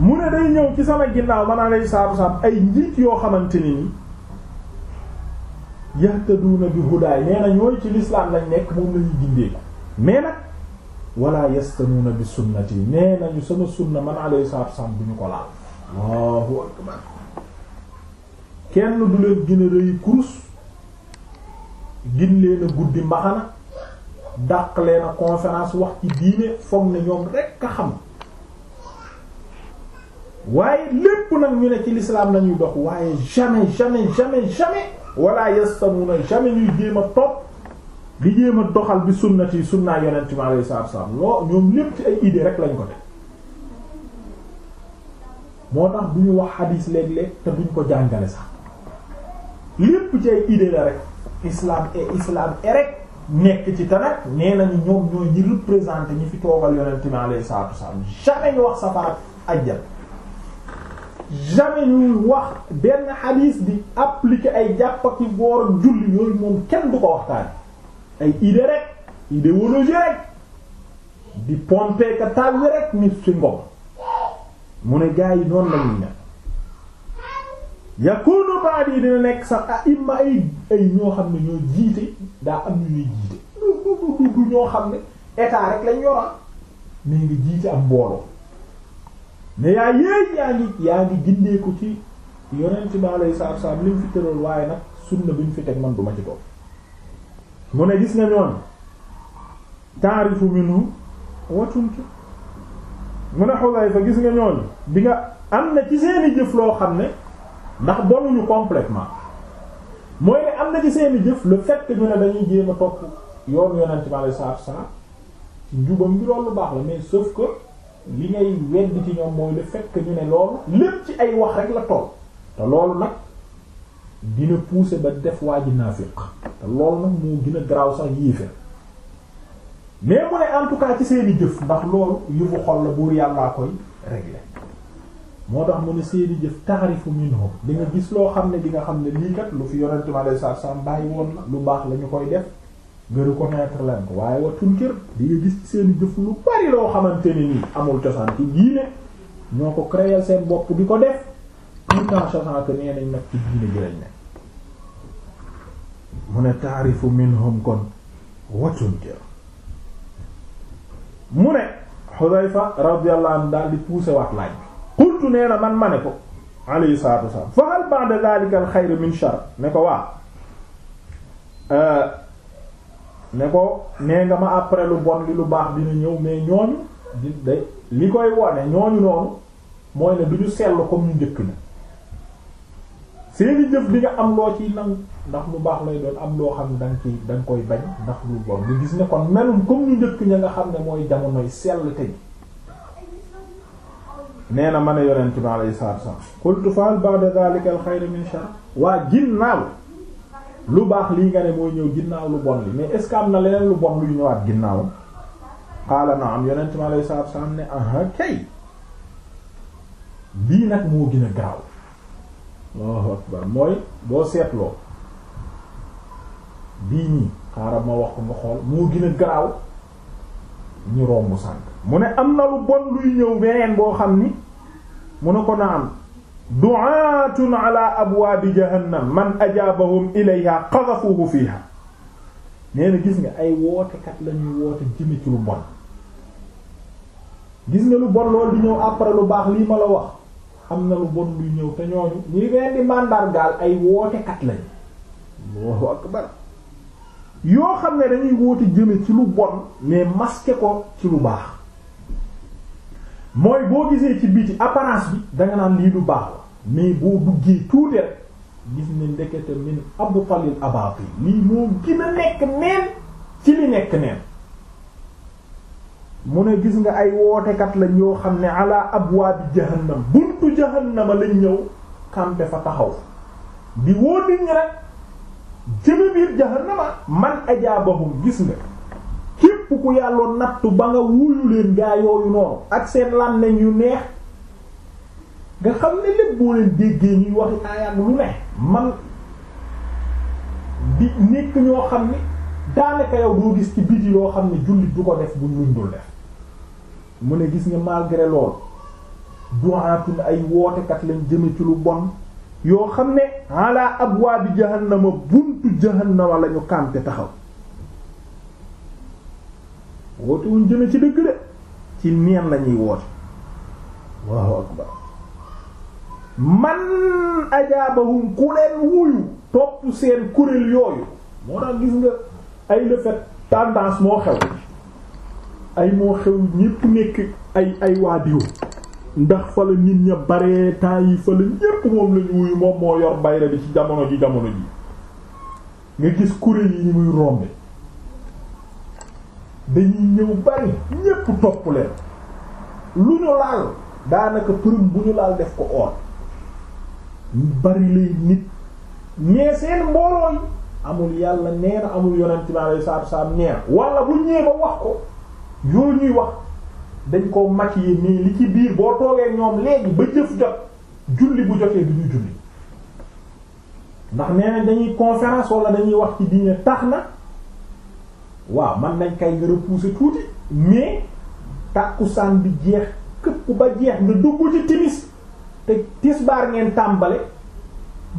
mu ne day ñëw ci sama ginnaaw man alayhi salaatu wasalaam ay njiit yoo xamante ni ni yahtaduuna bi hudaaya nee na ñooy ci lislaam lañ nekk moom lañuy gindee mais nag wala yastanuuna bi sunnati nee nañu sama sunna man alayhi salaatu wasalaam bu ko laal allahu akbar kenn du leen gën a kurus gin leen a guddi mbaxana dàq leen a wax ci diine foog ne ñoom rekk a xam waaye lépp nag ñu ne ci l'islam lañuy dox waaye jamais jamais jamais jamais wala yastamuuna jamais ñuy jéem a topp di a doxal bi sunnat yi sunnaa yonent mi alayhi salaatu wa salaam loo ñoom lépp ci ay idée rek lañ ko def moo tax du ñu wax xadiis léeg-léeg te duñ ko jàngale sax lépp ci ay idée la rek islam et islam et nekk ci tanak nee nañu ñoom ñooy ñi représenté ñi fi toogal yonent mi alayhi salaatu wasallam jamais ñu wax safara ak ajjal jamais ñuy wax benn hadith di appliquer ay jàpp ak boor julli yooyu moom kenn du ko waxtaan ay idée rek idéologie rek di pomper ka taal rek nit ci ngom mu ne gaa yi doon lañuy ne yakunu baadi yi dina nekk sa ah ay ay ñoo xam ne ñoo jiite daa am ñu ñuy jiite ñoo xam ne état rek lañ yora ne nga jiite am mbooloo ne yaa yéeg yaa ngi yaa ngi gindeeku ci yonent bi alayhi salaatu wasallam li mu fi tëral waaye nag sunna bi ñu fi teg man du ma ci topp mu ne gis nga ñoon taarifu minhu watuntu mu ne Xudayfa gis nga ñoon bi nga am na ci seeni jëf loo xam ne ndax bonuñu complètement mooy ne am na ci seeni jëf la fait que ñu ne dañuy jéem a topp yoon yonent bi alayhi salaatu salaam ci njubam bi loolu baax la mais sauf que li ngay wedd ci ñoom mooy la fekk ñu ne loolu lépp ci ay wax rek la toll te loolu nag dina pousser ba def waa ji naafiq te loolu nag moo gën a garaaw sax yéefe mais mu ne en tout cas ci seeni jëf ndax loolu yëfu xol la buur yàllaa koy régler moo tax mu ne seeni jëf taarifu minhum di nga gis loo xam ne di nga xam ne lii kat lu fi ma Yàlla sa sa bàyyi woon na lu baax la ñu koy def nga reconnaître leen ko waaye wa tunkir di nga gis seeni jëf lu bari loo xamante ni nii amul cosaan ci diine ñoo ko créer seen bopp di ko def pourtant cosaan que nee nañ nag ci diine ji lañ ne mu ne taarifu minhum kon wa tunkir mu ne Xudayfa radiyallahu daal di pousser waat laaj xultu nee na man ma ne ko alayhi salaatu wasalaam fa hal ba'da dhalika al xayr min shar ne ko waa euh, ne ko nee nga ma après lu bon li lu baax bi dina ñëw mais ñooñu di day li koy wone ñooñu noonu mooy ne du ñu seetlu comme ñu njëkk na seeni jëf di nga am loo ciy nangu ndax mu baax lay doon am loo xam ne danga ciy koy bañ ndax lu bon lu gis ne kon melum comme ñu njëkk ña nga xam ne mooy jamonoy sell te nee na ma ne yonent bi alayhi salaatu wa salaam qultu faal ba'da dhalika al waa ginnaaw lu baax lii nga ne mooy ñëw ginnaaw lu bon li mais est ce am na leneen lu bon luy ñëwaat ginnaaw qaala am yonent bi alayhi salaatu wa ne aha kay bii nag moo gën a gaaw mooy boo seetloo bii nii xaaral ma wax ko nga xool moo gën a gaaw ñu romb sànk mu ne am na lu bon luy ñëw beneen boo xam ni mu ne ko na am du'atun ala abwaabi jahannam man ajaabahum ilayha qadhafuhu fiha nee na gis nga ay wootekat la ñuy woote jëme ci lu bon gis nga lu bon loolu di ñëw après lu baax lii ma la wax am na lu bon luy ñëw te ñooñu ñi leen di màndargaal ay wootekat lañu Allahu akbar yoo xam ne dañuy woote jëme ci lu bon mais masqué ko ci lu baax mooy boo gisee ci biti apparence bi danga naan lii lu baax la mais boo duggee tuuti rek gis ne ndekete min abu falil abaati lii moo gën a nekk neen ci li mu ne gis nga ay wootekat lañ yoo xam ne ala abwaabi jahannam buntu jahannama lañ ñëw kampe fa taxaw di woo nit ñi rek jëme biir jahannama man ajaabahum gis nga képp ku yàlloon nattu ba nga wuyu leen gaa yooyu noonu ak seen làmmiñ yu neex nga xam ne lépp boo leen déggee ñuy waxi aayaat lu ne man di nekk ñoo xam ne daanaka yow doo gis ci biti yoo xam ne jullit du ko def bu luñ dul def mu ne gis nga malgré lool du'atun ay wootekat lañ jëme ci lu bon yoo xam ne ala abwaabi jahannama buntu jahannama la ñu kàmte taxaw woote wuñ jëme ci dëgg de ci neen lañuy woote waaw akbar man ajaabahum ku leen wuyu topp seen kuréel yooyu moo tax gis nga ay le fait moo xew ay moo xew ñépp nekk ay ay waa diw ndax fa la nit ña baree yi fa la ñépp moom lañu wuyu moom moo yor bayra ci jamono ji jamono ji nga gis kuréel yi ñu muy rombe dañuy ñëw bari ñépp topp leen lu ñu laal daanaka përëm bu ñu laal def ko or bari lay nit mais seen mbooloo amul yàlla nee na amul yonent bi alayhi salaatu wa salaam nee bu ñëwee ba wax ko yoo ñuy wax dañ koo mat yi nii li ci biir boo toogee ñoom léegi ba jëf jot julli bu jotee bi ñu julli ndax nee nañ dañuy conférence wala dañuy wax ci diine tax na waaw man nañ kay nga repousser tuuti mais tàkkusaan bi jeex këpp ba jeex nga dugg ci timis te tisbaar ngeen tàmbale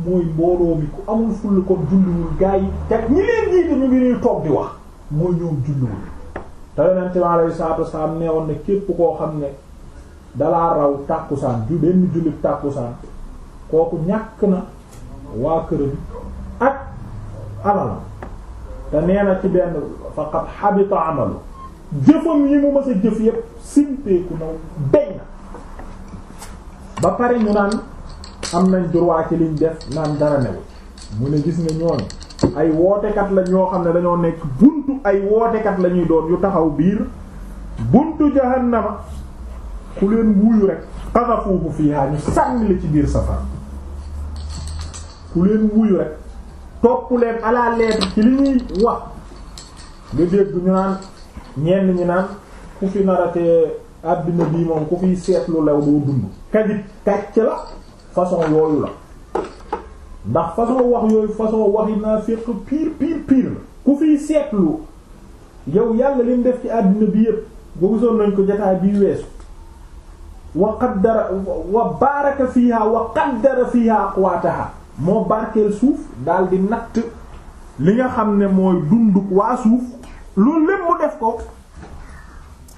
mooy mbooloo mi ku amul full kon julliwul gaa yi te ñi leen jiite ñu ngi ñuy toog di wax mooy ñoom julliwul te yonent bi alayhi salaatu wasalaam neewoon ne képp koo xam ne dalaa raw tàkkusaan ju benn jullit tàkkusaan kooku ñàkk na waa këram ak alala te nee na ci benn faqad habita amalu jëfam yi mu mës a jëf yépp simpeeku naw deñ na ba pare ñu naan am nañ droit ci liñ def naan dara new mu ne gis nga ñooñu ay wootekat la yoo xam ne dañoo nekk buntu ay wootekat lañuy doon yu taxaw biir buntu jahannama ku leen wuyu rek xasafuufu fiihaa ñu sànni la ci biir safara ku leen wuyu rek topp leen à la lettre ci li ñuy wax nga dégg ñu naan ñenn ñi naan ku fi naratee àddina bii moom ku fiy seetlu la doo dund kadib kàcc la façon yooyu la ndax façon wax yooyu façon waxi naafiq pire pire pire ku fiy seetlu yow yàlla lim def ci àddina bi yëpp ba gisoon nañ ko jotaay bii weesu wa qaddara wa baaraka fiiha wa qaddara fiiha aqwaataha moo barkeel suuf daal di natt li nga xam ne mooy dunduk waa suuf loolu lépp mu def ko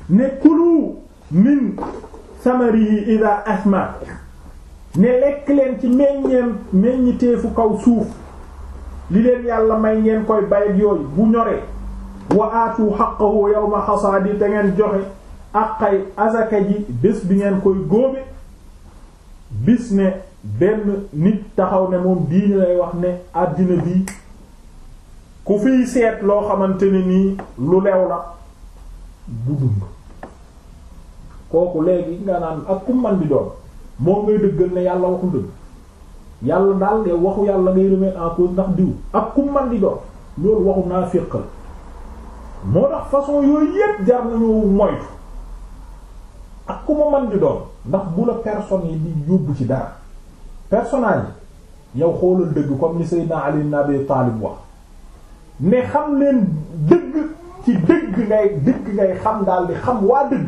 ne kulu min samarihi ida asma ne lekk leen ci meññeen meññiteefu kaw suuf li leen yàlla may ngeen koy bayit yooyu bu ñoree wa aatu haqqahu yawma hasaadi te ngeen joxe àqay azaka ji bés bi ngeen koy góobe bis ne benn nit taxaw ne moom diine lay wax ne àddina bi ku fiy seet loo xamante ne nii lu leew la bu dund kooku léegi nga naan ak ku man bi doon moo ngay dëggal ne yàlla waxul dëgg yàlla daal de waxu yàlla ngay remettre en cause ndax diw ak ku man di doon loolu waxu naa féqal moo tax façon yooyu yépp jar nañu moytu ak ku ma man di doon ndax bu la personne yi di yóbbu ci dara personnage yi yow xoolal dëgg comme ni Seydina Ali ibn Abi Talib wax ne xam leen dëgg ci dëgg ngay dëgg ngay xam daal di xam waa dëgg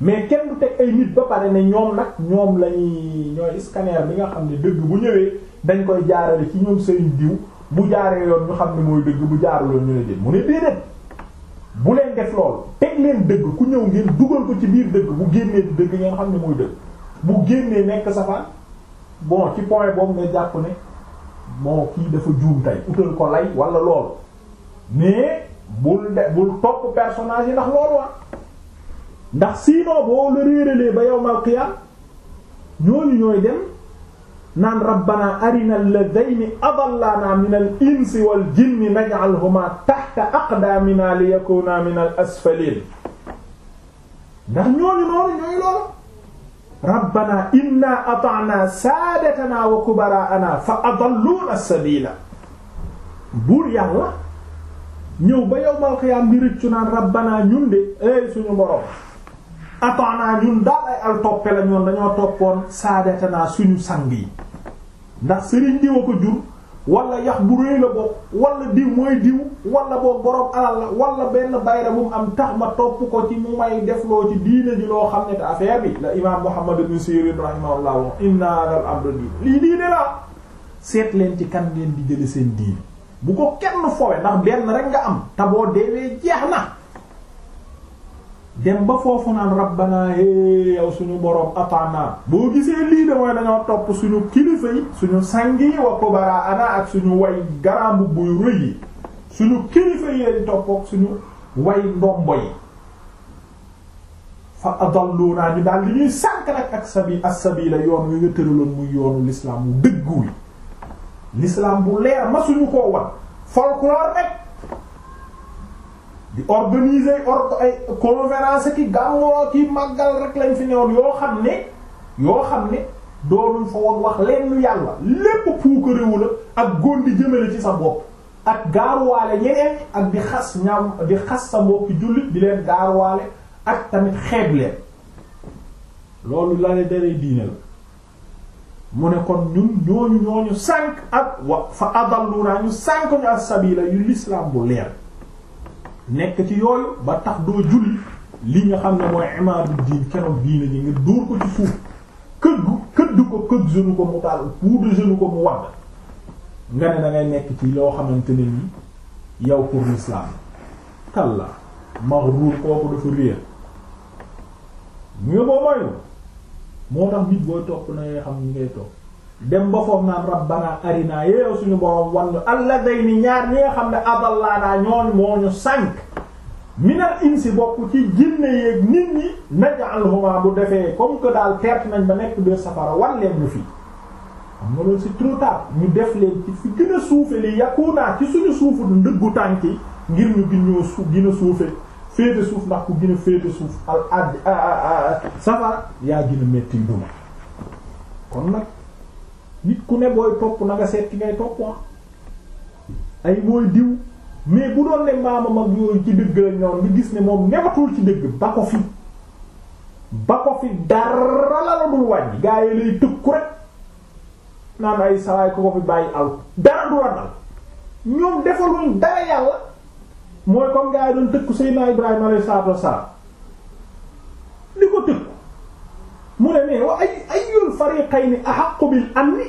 mais kenn du teg ay nit ba pare ne ñoom nag ñoom lañuy ñooy scanner bi nga xam ne dëgg bu ñëwee dañ koy jaarale ci ñoom seen diw bu jaaree yoon ñu xam ne mooy dëgg bu jaarul ñu ne jël mu ne déedéet bu leen def lool teg leen dëgg ku ñëw ngeen dugal ko ci biir dëgg bu génnee dëgg ngeen xam ne mooy dëgg bu génnee nekk safaan bon ci point boobu nga jàpp ne moo kii dafa juum tey utal ko lay wala lool mais bul de bul topp personnage yi ndax loolu wa ah. ndax sinon boo la réeralee ba yawmal qiyaam ñooñu ñooy dem naan rabbana arina alladhayni adallana min al insi wal jinni naj'alhuma tahta aqdamina liyakuna min al asfalin ndax ñooñu noonu ñooy loolu rabbana inna ata'na saadatana wa kubara'ana fa adalluna sabila buur yàlla ñëw ba yawmal qiyaam di rëccu naan rabbana ñun de ay eh, suñu borom ataanaa ñun daal ay al toppe la ñoon dañoo toppoon saadatanaa suñu sang yi ndax sëriñ diw ko jur wala yax bu réy la bopp wala diw mooy diw wala boo borom alal la wala benn bayra bu mu am tax ma topp ko ci mu may defloo ci diine ji loo xam ne te bi la imaam Muhammad ibn Sirin rahimahullah wa inna al amru diin lii diine la seet leen ci kan ngeen di jële seen diine bu ko kenn fowe ndax benn rek nga am te boo deewee jeex na dem ba foofu naan rabbana é eh, yow suñu boroom atana boo gisee lii de mooy dañoo topp suñu kilifa yi suñu sang yi wa kubara ana ak suñu way garambu buy rëy yi suñu kilifa yi li ñuy sànk yoon wi nga tëraloon muy yoonu l'islam bu dëgg wi l'islam bu leer ma suñu koo wan folklore rek di organiser or ay ki gàmmoo ki màggal rek lañ fi newoon yoo xam ne yoo xam ne doonuñ fa woon wax lenn yàlla lépp puuka la ak gondi jëmale ci sa bopp ak gaaruwaale ñeneen ak di xas ñaaw di xas sa mbokki jullit di leen gaaruwaale ak tamit xeeb leen loolu la ne daree diine la mu ne kon ñun ñooñu ñooñu sànq ak wa fa adallu naa ñu sànk ñu as yu l'islam bu leer nekk ci yooyu ba tax doo julli li nga xam ne mooy imaadu diin keroog diine ji nga dóor ko ci suuf këddu këdd ko këdd jeune ko mu taal puudu jeune ko mu wadd nga ne da nekk ci loo xamante ne ni yow pour l'islam kalla maghrur kooku dafa réer mu nga boo moylu moo tax nit booy topp na ngay xam ñi ngay topp dem ba foog naan rabbana arina yeew suñu borom wan ñu alladayni ñaar ñi nga xam ne adallana ñoon moo ñu sànk minal insi bokk ci jinne yeeg nit ñi naj'alhuma bu defee comme que daal perte nañ ba nekk biir safara wan leen ñu fii am na loolu c'est trop ñu def leen ci fi gën a suufe li yakunaa ci suñu suufu ndëggu tànk yi ngir ñu gin ñoo su gën a suufe féete suuf ndax ku gën a féete suuf al add safara yaa gën a metti duma kon nag nit ku ne booy topp na nga seet ki ngay topp wax ah. ay mooy diw mais bu doon ne maamam ak yooyu ci dëgg la ñoom nga gis ne moom newatul ci dëgg ba ko fi ba ko fi dara la dul wàññi gaa yi lay tëkku rek naan ay ko ko fi bàyyi aw dara du la ñoom defaluñ dara yàlla mooy comme gaa yi doon tëkku Seydina Ibrahima alayhi salaatu wassalaam li ko tëkku mu ne mais wa ay ay fariqayni ahaqqu bil amni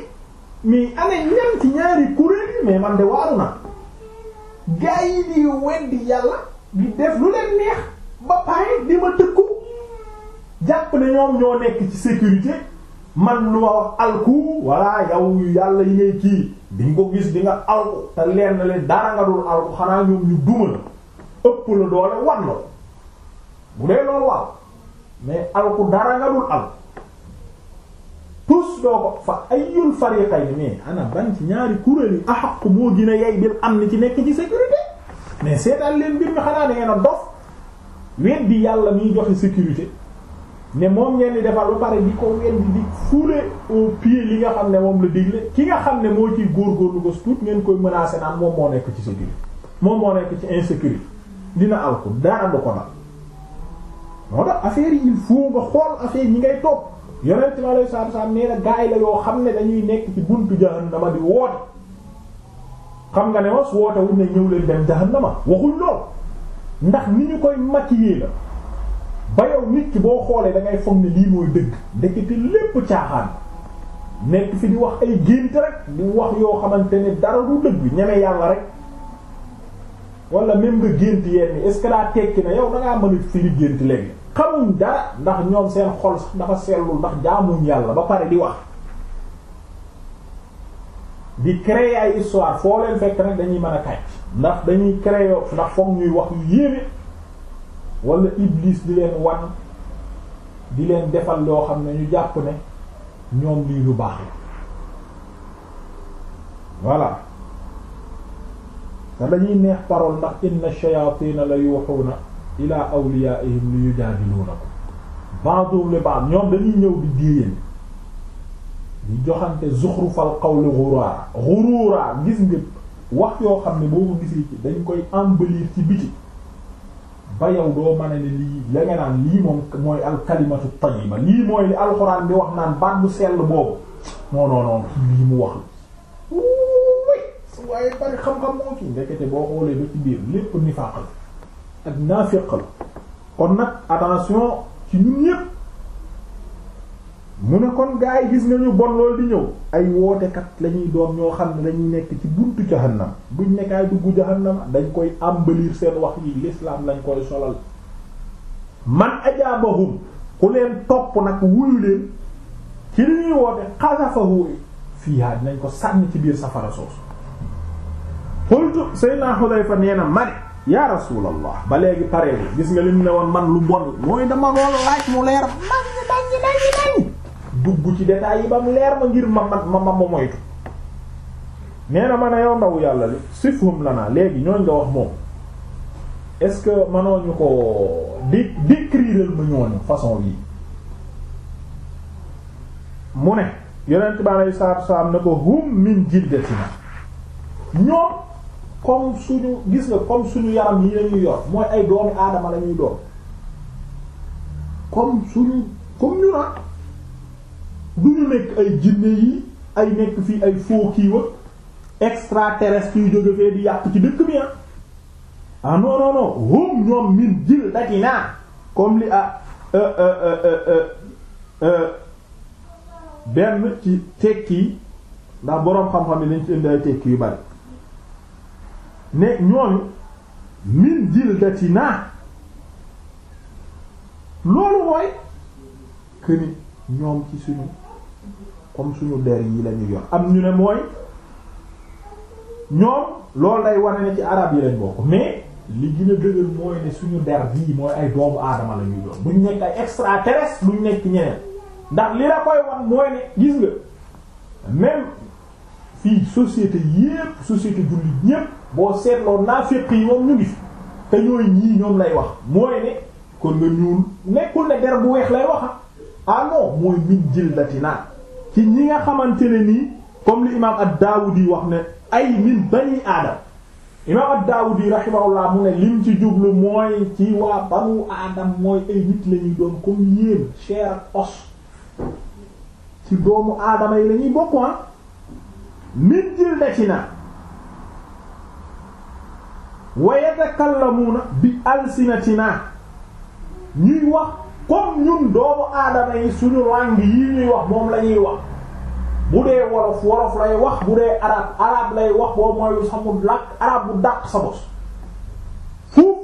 mais amee ñam ci ñaari kuréel yi mais man de waaru na gaa yi di weddi yàlla di def lu leen neex ba di ma tëkku jàpp ne ñoom ñoo nekk ci sécurité man lu ma wax alku walla yow yàlla yi ngay kii di nga ko gis di nga alku te lenn leen dara nga dul alku xanaa ñoom ñu duma la ëpp la doole war la bu dee loolu waaw mais alku dara nga dul alku tus doo ko fa ayul fariqayn mais ana ban ci ñaari kuréel yi ahaq moo gën a yey bil am ni ci nekk ci sécurité mais seetaan leen mbir mi xanaa da ngeen a dof weddi yàlla miy joxe sécurité ne moom ngeen di defal lu pare di ko weddi di fouler au pied li nga xam ne moom la digle ki nga xam ne moo ciy góorgóorlu ko tuut ngeen koy menacer naan moom moo nekk ci sécurité moom moo nekk ci insécurité dina alko daa andu ko dal moo tax affaire yi yonent bi alayhi salaatu salaam nee na gaay la yoo xam ne dañuy nekk ci buntu jahannama di woote xam nga ne was woote wuñ ne ñëw leen dem jahannama waxul lool ndax ni ñu koy maquiller la ba yow nit ki boo xoolee dangay ngay foog ne lii mooy dëgg ndekete lépp caaxaan nekk fi di wax ay gént rek di wax yoo xamante ne dara du dëgg ñeme yàlla rek wala même nga gént yenn est-ce que daa tekki ne yow da ngaa mën a firi gént léegi xamuñ dara ndax ñoom seen xol sax dafa sellul ndax jaamuñ yàlla ba pare di wax di créer ay histoire foo leen fekk nag dañuy mën a kàcc ndax dañuy créer ndax foog ñuy wax yu yéeme wala iblis di leen wan di leen defal loo xam ne ñu jàpp ne ñoom lii lu baax la voilà te dañuy neex parole ndax inna na la yu yuhuna ilaa awliyaa'ihim li yujaadiluunakum ba'duhum li ba'd ñoom dañuy ñëw di déeyal di joxante zuxrufal qawli ghuruura ghuruura gis nga wax yoo xam ne boo ko gisee ci dañ koy embellir ci biti ba yow doo mën ne lii la lii moom mooy alkalimatu tayyiba lii mooy li alxuraan bi wax naan baat bu sell boobu non non lii mu wax la waaye bari xam-xam moo ci ndekete boo xoolee ba ci biir lépp nifaaq ak naafiq la kon nag attention ci ñun ñépp mu ne kon gaa yi gis nga ñu bon lool di ñëw ay wootekat lañuy doom ñoo xam ne dañuy nekk ci buntu jahannam buñ nekkaay dugg jahannam dañ koy embellir seen wax yi l'islam lañ koy solal man ajaabahum ku leen topp nag wuyu leen ci li ñuy woote xasafahu fiihaa dinañ ko sànni ci biir safara soosu xultu Seydina Xudayfa nee na mari yaa rasulallah ba léegi paree bi gis nga lim ne woon man lu bon mooy dama lool laaj mu leer man ñi man ñi man dugg ci détails yi ba mu leer ma ngir ma ma ma moytu nee na ma ne yow ndaw yàlla li sifhum la naa léegi ñooñ nga wax moom est-ce que mënoo ñu ko dé- décrire ma ñooñu façon yi mu ne yonent ba alayhi salaatu wa salaam ne ko hum min jildatina ñoom comme suñu gis nga comme suñu yaram yi lañuy yor mooy ay doomi aadama lañuy doom comme suñu comme ñu na du ñu nekk ay jinne yi ay nekk fii ay faux kiiwa extraterrestre yu jóge fee di yàq ci dëkk bi ah ah non non ñoom min jil dati li ah euh, euh, euh, ci tekki ndax boroom xam-xam yi lañ ci indi ay tekki yu bari ne ñooñu min jildatina loolu mooy que ni ñoom ci suñu comme suñu der yi la yor am ñu ne mooy ñoom loolu day wane ne ci arab yi lañ bokk mais li gën a dëgër mooy ne suñu der bii mooy ay doomu aadama la ñuy yor buñ nekk ay extraterrestre luñ nekk ñeneen ndax li la koy wan mooy ne gis nga même fii société yépp société jullit ñépp boo seetloo naafeq yi moom ñu ngi fi te ñooy ñii ñoom lay wax mooy ne kon nga ñuul nekkul ne der bu weex lay wax ah non mooy min jillatinaa ci ñi nga xamante ne nii comme li imaam ad-Daawudi wax ne ay min bani aadam imaam ad-Daawudi rahimahullah mu ne lim ci jublu mooy ci waa banu aadam mooy ay nit la ñuy doon comme yéen chair os ci doomu aadama yi lañuy ñuy bokk ah min jillatinaa wa na bi alsinatina ñuy wax comme ñun doomu aadama yi suñu langue yii ñuy wax moom la ñuy wax bu dee wolof wolof lay wax bu dee arab arab lay wax boo mooy samu làkk arab bu dàq sa bos fuuf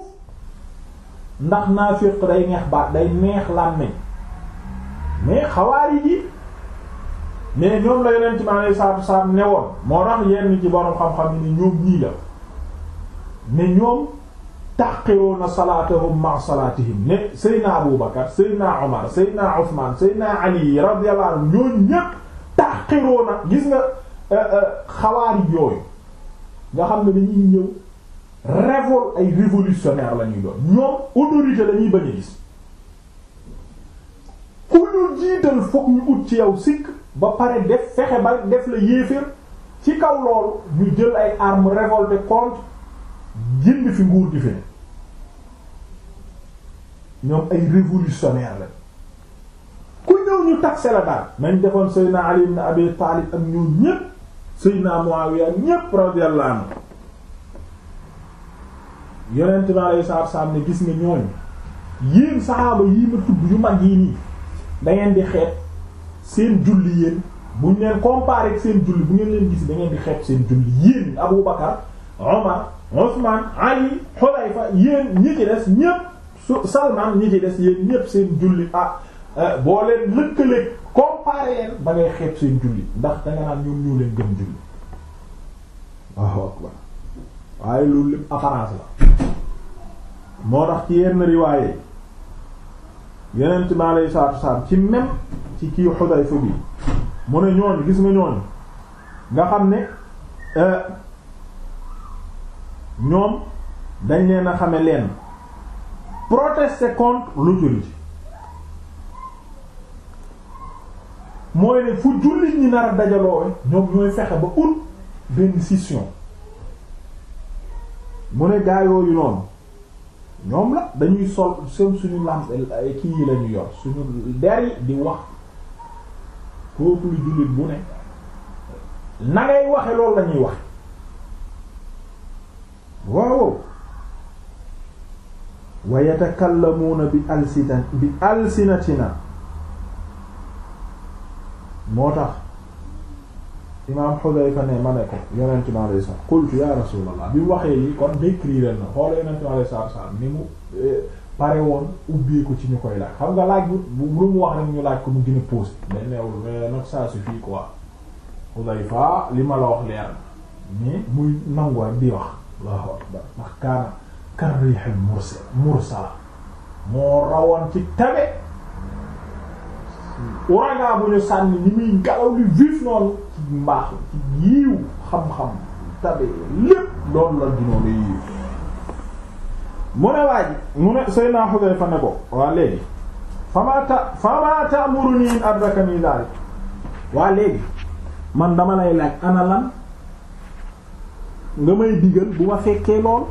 ndax naafiq day neex baat day neex làmmiñ mais xawaari ji mais ñoom la yonent bi alayhi salaatu wa salaam newoon moo tax yenn ci borom xam-xam yi ni ñoom ñii la ne ñoom tàqewoona salaatahum ma salaatihim ne Seydina Abu Bakar Seydina Omar Seydina Ousmane Seydina Ali radiyallahu anhum ñooñu ñépp tàqewoona gis nga euh, euh, xawaari yooyu nga xam ne dañuy ñëw révol ay révolutionnaire la ñuy doon ñoom autorité la ñuy bañ gis ku ñu jiital fokk ñu ut ci yow sikk ba pare def fexe ba def la yéeféer ci kaw loolu ñu jël ay arm révolté contre jënd fi nguur gi fi ne ñoom ay révolutionnaire la ku ñëw ñu taxé la daal nañ defoon Seydina Ali ibn Abi Talib ak ñoo ñépp Seydina Muawiya ñépp radiyallahu anhu yonent bi alayhi salaatu salaam ne gis nga ñooñu yéen saxaaba yii ma tudd yu mag yii nii dangeen di xeeb seen julli yéen buñ leen comparé ak seen julli bu ngeen leen gis da ngeen di xeeb seen julli yéen Abu Bakar Omar Ousmane Ali Xudayfa yéen ñi ci des ñépp Salman ñi ci des yéen ñépp seen julli ah eh, boo leen lëkkaleeg comparé leen ba ngay xeeb seen julli ndax danga naan ñoom ñoo leen julli waaw akbar waaye loolu lépp apparence la moo tax ci yenn riwaaye yeneen ci maaley saatu saam ci même ci kii Xudayfa bi mu ne ñooñu gis nga ñooñu nga xam ne. Eh, ñoom dañ leen a xame leen protester contre l'autorité mooy ne fu jullit ñi nar a dajaloowe ñoom ñooy fexe ba ut benn scission mu ne gaa yooyu noonu ñoom la dañuy sol seen suñu lam kii yi lañu yor suñu der di wax peuple jullit bu ne na ngay waxe loolu lañuy wax waaw wa yatakallamuuna bi alsina bi alsinatina moo tax imaam Xudayfa ne ma ne ko yonent mi alayhi salaam qultu ya rasulallah bi waxee yi kon décrire na xoola yonent mi alayhi salaam ni mu eh, pare woon ubbeeku ci ñu koy laaj xam nga laaj bu wax rek ñu laaj ko mu gën a posé mais neewul mais nag ça suffit quoi Xudayfa li ma la wax leer ni muy nangu ak wax allahu akbar ndax kaana karrihil mursal mursala moo rawoon ci tabe ouragan bu ñu sànni ni muy galaw li vif noonu ci mbaax ci yiiw xam-xam tabe lépp loolu la ginoonu yiiw mu ne waa ji mu ne say naa xogee fa ne ko waa léegi famata famata muru niin adraka nii daal waa léegi man dama lay laaj ana nga may digal bu ma fekkee lool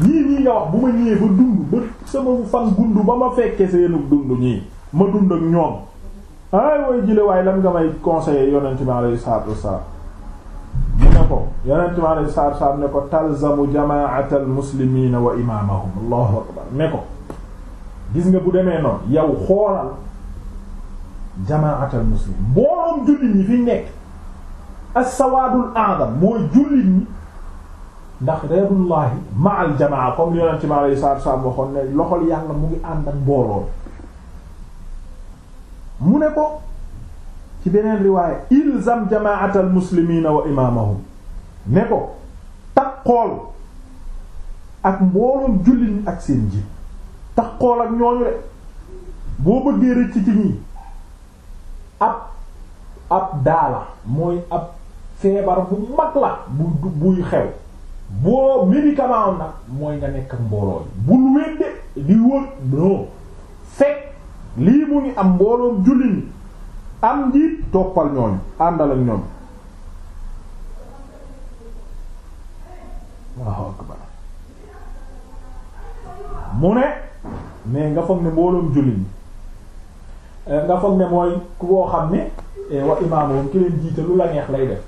ñii ñii nga wax bu ma ñëwee fa dund ba sama fan gund ba ma fekkee seenu dund ñii ma dund ak ñoom ay way jile waaye lan nga may conseiller yonent bi alayhi salaatu wassalaam mu ne ko yonent bi alayhi salaatu wassalaam ne ko talzamu jamaatal muslimiina wa imaamahum allahu akbar ne ko gis nga bu demee noonu yow xoolal jamaatal muslim mbooloom jullit ñi fi nekk as-sawaadul mooy jullit ñi ndax yadullahi ma'al jamaa comme li yonent bi alayhi salaatu wasallam waxoon ne loxol yàlla mu ngi ànd ak mbooloo mu ne ko ci beneen riwaaya ilzam jamaatal muslimiina wa imaamahum ne ko takkool ak mbooloom jullit ak seen ji takkool ak ñooñu de boo bëggee rëcc ci ñii ab ab daala mooy ab feebar bu mag la bu buy xew boo médicament nag mooy nga nekk ak mbooloo bul wedde di wër non fekk lii mu ngi am mbooloom julli ni am njiit toppal ñooñu àndal ak mu ne mais nga foog ne mbooloom julli ni eh, nga foog ne mooy ku boo xam ne eh, wa imaamoom ki leen jiite lu la neex lay def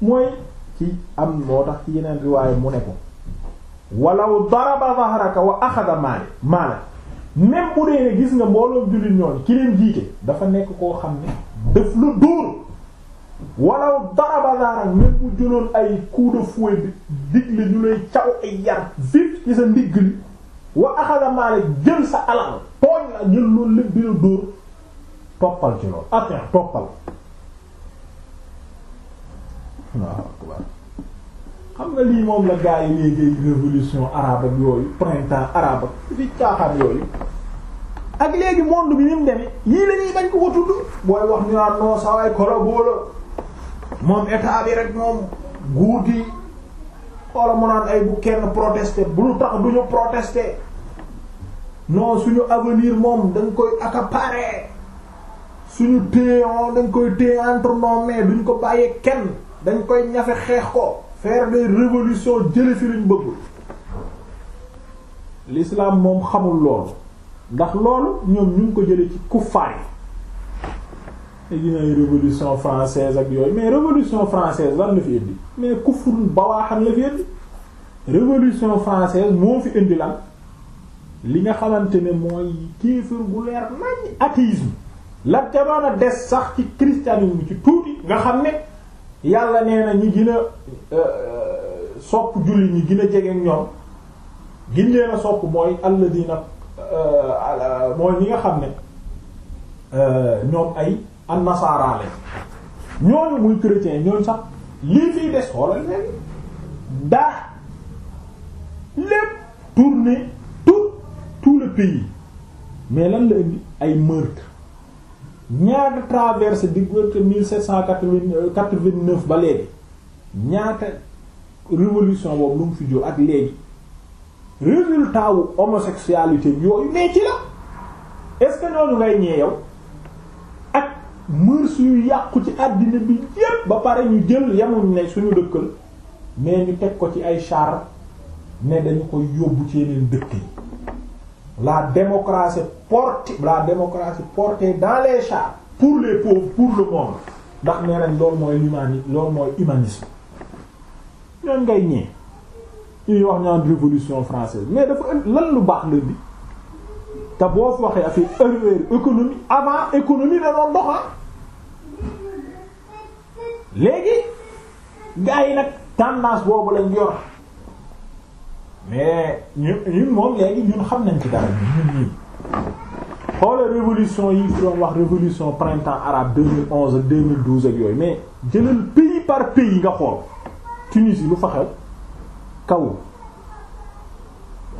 mooy ci am moo tax ci yeneen riwaaye mu ne ko walaw daraba zahraka wa axada maale maale même bu dee ne gis nga mbooloo jullit ñoon ki leen jiite dafa nekk koo xam ne daf lu dóor walaw daraba zahrak même bu jëloon ay coup de fouet bi digle ñu lay caw ay yar vif ci sa ndigg li wa axada maale jël sa alal tooñ la jël loolu lépp di la dóor toppal ci loolu toppal waaw akbar xam nga lii moom la gars yi léegi révolution arabe ak yooyu printemps arabe ak fi caaxaan yooyu ak léegi monde bi ni mu demee la ñuy bañ ko ko tudd booy wax ñu naan non saa waay Colombo la moom état bi rek moom guur gi xoola mu naan ay bu kenn protester bu lu tax du ñu protester suñu avenir moom dañ koy accaparer suñu téye dañ koy téye entre nos duñ ko bàyyee kenn. dañ koy ñafe xeex ko faire des révolutions jële fi luñ bëggul l'islam moom xamul loolu ndax loolu ñoom ñu ngi ko jële ci kuffaar yi te ginay révolution française ak yooyu mais révolution française lan la fi indi mais kufrul bawaa xam la fi indi révolution française moo fi indi lan li nga xamante ne mooy kéefër bu leer nañ athéisme la te doon a des sax ci christianisme ci tuuti nga xam ne yàlla nee na ñi gën a euh, euh, sopp julli ñi gën a jege ñoom gin leen a sopp mooy alladina euh, mooy ñi nga xam ne ñoom ay annasaara lañ ñooñu muy chrétien ñooñu sax lii fiy des xoolal leen daa lépp tourner tout tout le pays mais lan la indi ay meurtre ñaata traversé diggante mille sept cent quatre-vingt-neuf ba léegi ñaata révolution boobu lu mu fi ak léegi résultat wu homosexualité bi yooyu mais ci la est-ce ngay ñee yow ak mœurs yu yàqu ci àddina bi yépp ba pare ñu jël yamuñ ne suñu dëkkal mais ñu teg ko ci ay char ne dañu ko yóbbu ci yeneen dëkk yi la démocratie portée la démocratie portée dans les pour les pauvres pour le monde ndax nee nañ loolu mooy humani loolu mooy humanisme ñoom ngay ñee ñuy wax ñaan révolution française mais dafa lan lu baax lan bi te boo fi waxee affaire erreur économie avant économie da doon doxa ah. léegi gars nag tendance boobu lañ yor mais ñun ñu moom léegi ñun xam nañ ci dara ñun ñii xoolal révolution yi fi doon wax révolution printemps arabe 2011 ak 2012 ak yooyu mais jëlal pays par pays nga xool Tunisie lu fa xew kaw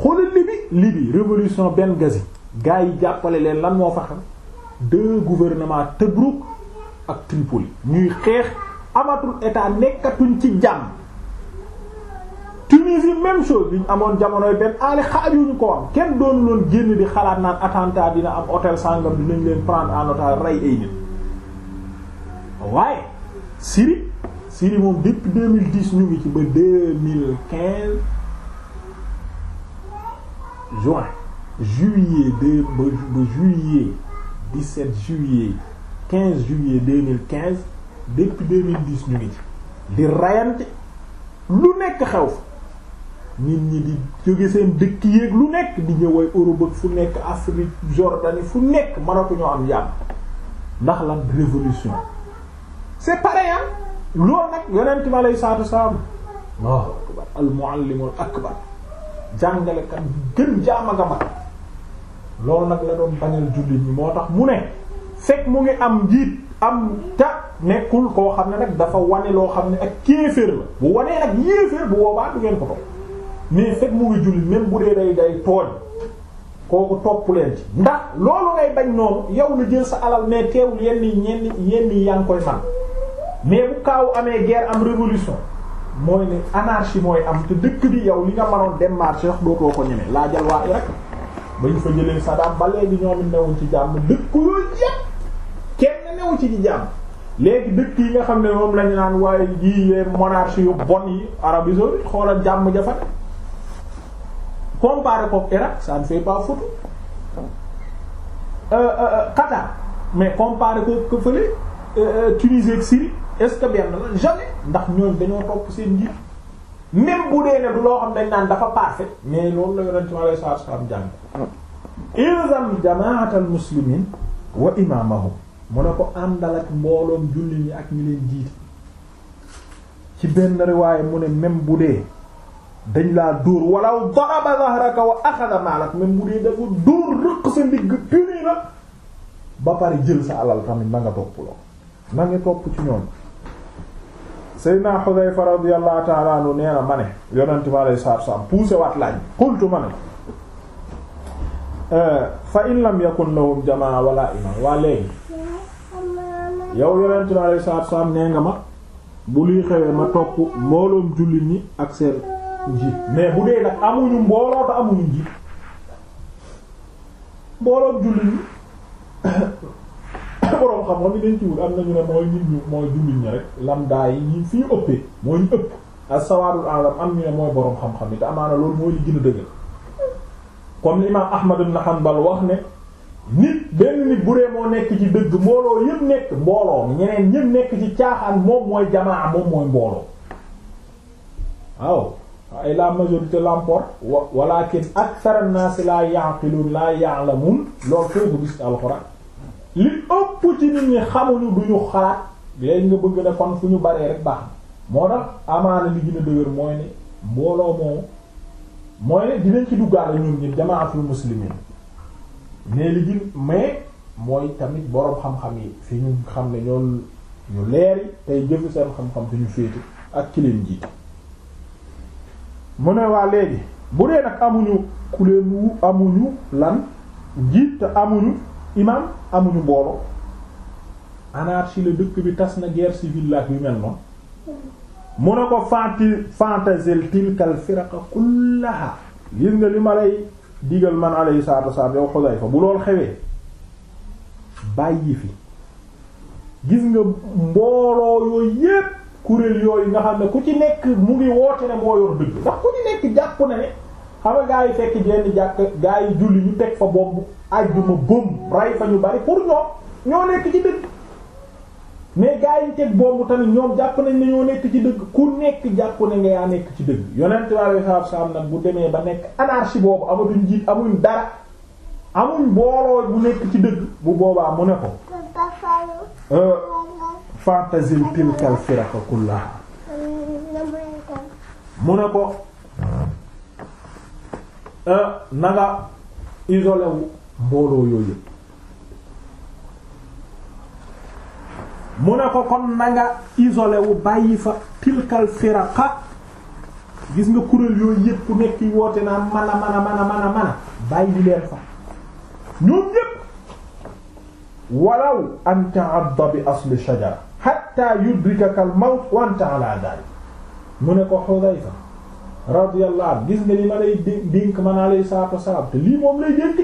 xoolal Libye révolution benn Benghazi gars yi jàppale leen lan moo fa xew deux gouvernements Tobrouk ak Tripoli ñuy xeex amatul état nekkatuñ ci jàmm Tunisie même chose ñu amoon jamonoy benn aale xaajuñu ko am kenn doon loon génn di xalaat naan attentat dina am hôtel sàngam dinañ leen prendre en otage rey ay nit waaye Syrie Syrie moom depuis 2010 ñu ngi ci ba 2015 juin juillet de ba ba juillet quinze juillet 15 juillet 2015 depuis 2010 ñu ngi ci di rayante lu nekk xew nit ñi di jóge seen dëkk yéeg lu nekk di ñëw ay Europe ak fu nekk Afrique Jordanie fu nekk mënatu ñoo am jàmm ndax lan révolution c'est pareil ah loolu nag yonent bi aleyhi salaatu wasalaam Allahu akbar al-muallimul akbar jàngalekat gën jaam ak a mag loolu nag la doon bañal jullit ñi moo tax mu ne fekk mu ngi am njiit am ta nekkul koo xam ne nag dafa wane loo xam ne ak kéefër la bu wanee ak yéefër bu boobaa du ngeen ko topp mais fekk mu ngi julli même bu dee day day tooñ kooku topp leen ci ndax loolu ngay bañ noonu yow lu jël sa alal mais teewul yenn ñenn yenn yi yaa ngi koy man mais bu kaaw amee guerre am révolution mooy ne anarchie mooy am te dëkk bi yow li nga mënoon dem marché wax dootoo ko ñemee laa jël waa Irak ba ñu fa jëlee Saddam ba léegi ñoom newuñ ci jàmm dëkk yooyu yépp kenn newu ci ci jàmm léegi dëkk yi nga xam ne moom lañu naan waaye jii yee monarchie yu bon yi Arabie xoolal jàmm jafe. comparé ko Irak ça ne fait pas photo euh, euh, euh, Qatar mais comparé ko ko fële Tunisie ak Syrie est-ce que benn la jamais ndax ñoom dañoo topp seen njiit même bu dee ne du loo xam dañ naan dafa parfait mais loolu la yonent mi alayhi salaatu salaam jàng ilzam jamaatal muslimiin wa imaamahum mu ne ko àndal ak mbooloom julli ñi ak ñu leen jiite ci benn riwaay mu ne même bu dee dañ laa dóor walaw daraba zahraka wa axada maalak même bu dee dafa dóor rëq sa ndigg puni la ba pare jël sa alal tamit na topp loo na topp ci ñoom Seydina Xudayfa radiyallahu ta'ala anhu na ma ne yonente ma lay saatu saam poussé waat laaj qultu ma ne euh, fa in lam yakun lahum jamaa wala iman waa léegi yow yonente ma lay saatu saam nee nga ma bu luy xewee ma topp mbooloom jullit ñi ak seen njiit mais bu dee nag amuñu mbooloo te amuñu njiit mbooloo jullit ñi boroom xam-xam yi dañ ci wut am nañu ne mooy nit ñu mooy jullit ñi rek lamdaay yi fi ñu ëppee mooy ñu ëpp a sawaadul alam am ñu ne mooy boroom xam-xam yi amaana loolu mooy li gën a dëgër comme l'imam Ahmad ibn Hanbal wax ne nit benn nit bu dee moo nekk ci dëgg mbooloo yëpp nekk mbooloo ñeneen ñëpp nekk ci caaxaan moom mooy jamaa moom mooy mbooloo waaw ay ah, la majorité l'emporte wa walakin akthara an-nas la ya'qilun la ya'lamun loolu foo ko gis alxuraan li ëpp ci nit ñi xamuñu duñu xalaat léegi nga bëgg ne kon fu ñu baree rek baax moo tax amaana li gën a dëgër mooy ne mbooloo moomu mooy ne dinañ ci duggaale ñun ñi jamaatul muslimin mais li gën mais mooy tamit boroom xam-xam yi fi ñu xam ne ñoom ñu leeri tey jëf seen xam-xam fi ñu féete ak ki leen mu ne waa léegi bu dee nag amuñu kuléemu amuñu lan jiit te amuñu imam amuñu mbooloo anarchie la dëkk bi tas na guerre civile laak yu mel noonu mu ne ko fanti fantasil tilkal firaqa kullaha gis nga li ma lay digal man alayhi salatu wassalam yow Xudayfa bu lool xewee bàyyi fi gis nga mbooloo yooyu yépp kuréel yooyu nga xam ne ku ci nekk mu ngi woote ne moo yor dëgg ndax ku ci nekk jàpp na ne xam nga gaa yi fekk jenn jàkk gaa yi julli ñu teg fa bomb àjjuma bëm ray fa ñu bari pour ñoom ñoo nekk ci dëgg mais gaa yi teg bomb tamit ñoom jàpp nañ ne ñoo nekk ci dëgg ku nekk jàpp na nga yaa nekk ci dëgg yonent Yàlla sallallahu alayhi wasallam nag bu demee ba nekk anarchie boobu amatuñ jiit amuñ dara amuñ booloo bu nekk ci dëgg bu boobaa mu ne ko fantazil tilkal firaka kullaha mu ne ko eh, na nga wu mbooloo yooyu yëpp mu ne ko kon na nga bàyyi fa tilkal firaka gis nga kuréel yooyu yëpp ku nekk woote naan mana mana mana mana mana bàyyi leen fa ñoom yëpp walaw an ta'adda bi asli shajara hatta yudrikaka al mawt wa anta ala mu ne ko Xudayfa radiyallahu anhu gis nga li ma lay dénk ma naa lay saako saab te lii moom lay dénk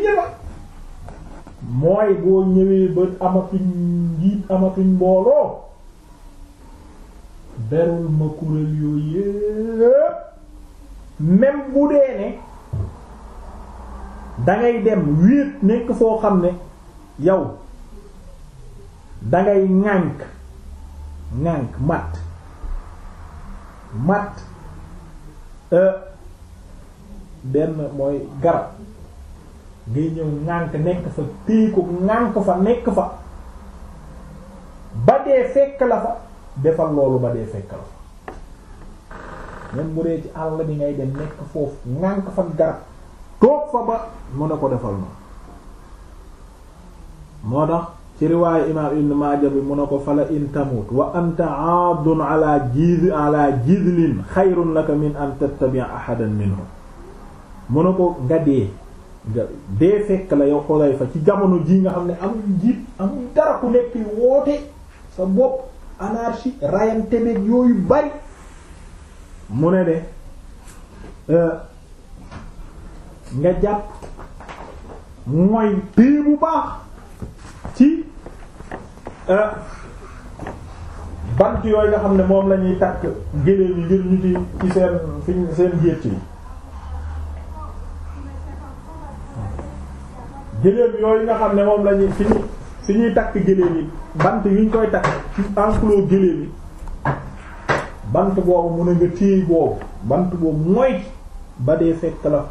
ñëwee ba amatuñ njiit amatuñ mbooloo berul ma kuréel yooyu yépp même bu dee ne dangay dem wéet nekk foo xam ne yow dangay ŋànk ŋànk mat matt e, benn mooy garab ngay ñëw ŋànk nekk fa téye ko fa nekk fa ba dee fekk la fa defal loolu ba dee fekk la fa même bu dee ci àll bi ngay dem nekk foofu ŋànk fa garab toog fa ba mën a ko defal noonu moo tax ci riwaayu imaam ibn Maaja bi mu ne ko fala in tamut wa anta aadun ala jiz ala jizlin xayrun laka min an tattabi'a ahadan minhum mu ne ko nga dee nga dee fekk la yow fa ci jamono jii nga xam ne amul njiit amul dara ku nekk woote sa bopp anarchie rayante beeg yooyu bari mu ne de euh, nga jàpp mooy pii bu baax Euh, bant yooyu nga xam ne moom la ñuy takk géléem yi ngir ñu ci ci seen fiñ seen gétt yi géléem yooyu nga xam ne moom la fi ñu fi ñuy takk géléem yi bant yuñ koy takk ci enclos géléem yi bant boobu mu ne nga téye boobu bant boobu mooy ba dee fekk la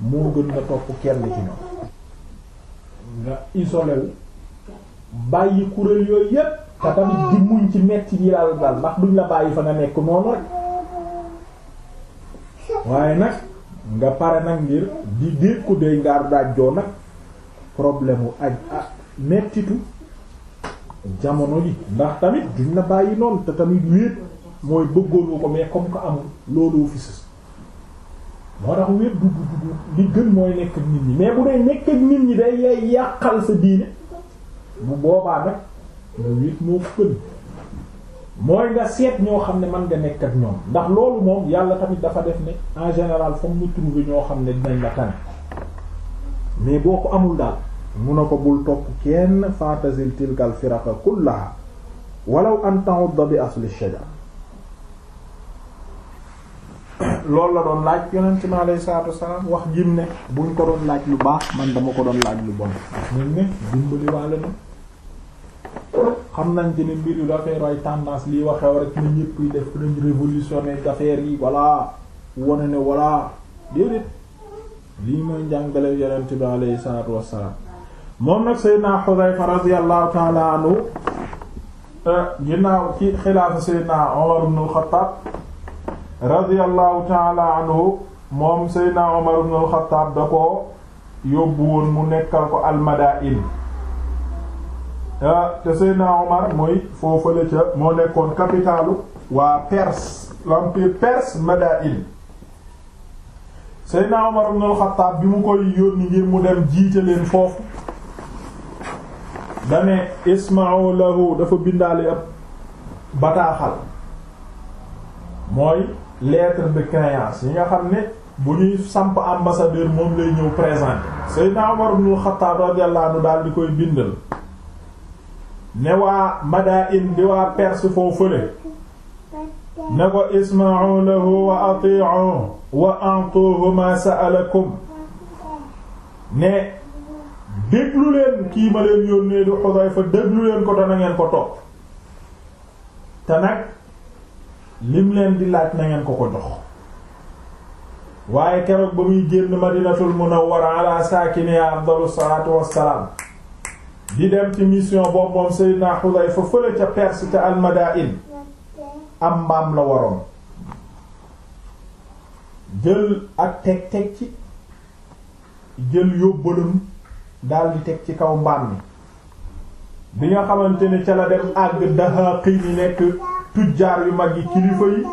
moo gën nga topp kenn ci ñoom nga isolé bàyyi kuréel yooyu yëpp te tamit di muñ ci metti yi daal dal ndax duñ la bàyyi fa nga nekk noonu rek waaye nag nga pare nag ngir di déet ko dey ngaar daajjoo nag problème wu mettitu jamono ji ndax tamit duñ la bàyyi noonu te tamit wéet mooy bëggoon ko mais comme ko amul looloo fi sës moo tax wéet du du du li gën mooy nekk nit ñi mais bu dee nekk nit ñi day yàqal sa diine bu boobaa nag le huit moo gën mooy nga seet ñoo xam ne mën nga nekk ñoom ndax loolu moom yàlla tamit dafa def ne en général foog mu trouver ñoo xam ne dinañ la tane mais boo ko amul daal mun na ko bul topp kenn fantasil tilkal firaka kullaha walaw an ta'udda bi asli shajar loolu la doon laaj yonent ma alayhi salaatu wasalaam wax jim ne buñ ko doon laaj lu baax man dama ko doon laaj lu bon ndax mun ne dimbali waale na xam nañ ne mbir yu affaire ay tendance lii waxee rek na ñëpp yi def nañ révolutionner affaire yi voilà wane ne voilà déedéet lii mooy njàngale yonent bi alayhi wassalaam moom nag Seydina Xudayfa radiyallahu ta'ala anhu eh, ginnaaw ci xilaafa Seydina Umar ibn al-Xattaab radiyallahu ta'ala Umar ibn al-Xattaab da ko yóbbu woon mu nekkal ko al-Madaa'in Ah, te Seydina Omar mooy foofale ca moo nekkoon capitalu waa Perse l'empire perse Médine Seydina Omar ibn al-Khattab bi mu koy yónni ngir mu dem jiite leen foofu dane isma'u lahu dafa bindaale ab bataaxal mooy lettre de créance yi nga xam ne bu ñuy samp ambassadeur moom lay ñëw présenter Seydina Omar ibn al-Khattab radiyallahu daal di koy bindal ne waa Madain di waa Perse foofule ne ko isma'u wa ati'u wa a'tuhu ma sa'alakum ne déglu leen kii ma leen yónnee di Xudayfa déglu leen ko te na ko topp te nag lim leen di laaj nangeen ngeen ko ko jox waaye keroog ba muy génn Madinatul Munawwara ala saakiniha afdalu salaatu wassalaam di dem ci mission boobu moom Seydina Xudayfa fële ca Perse ca Almadain am mbaam la waroon jël ak teg teg ci jël yóbbalum daldi teg ci kaw mbaam mi bi nga xamante ni ca la dem àgg Dahaaqin yi nekk tujjaar yu mag yi kilifa yi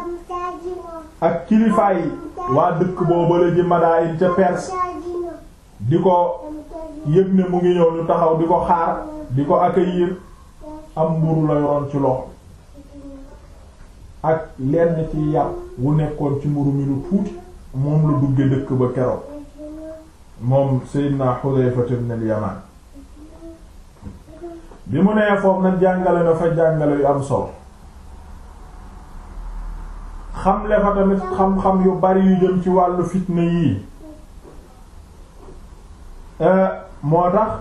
ak kilifaay waa dëkk boobu la ji Madain ca Perse di ko yëg ne mu ngi ñëw ñu taxaw di ko xaar di ko accueillir am mburu la yoroon ci loxo ak lenn ci yàpp wu nekkoon ci mburu mi lu tuuti moom la dugge dëkk ba keroog moom Seydina Hudayfa ibn al-Yaman bi mu nee foofu nag jàngale na fa jàngale yu am solo xamle fa tamit xam-xam yu bari yu jëm ci wàllu fitna yii eh, moo tax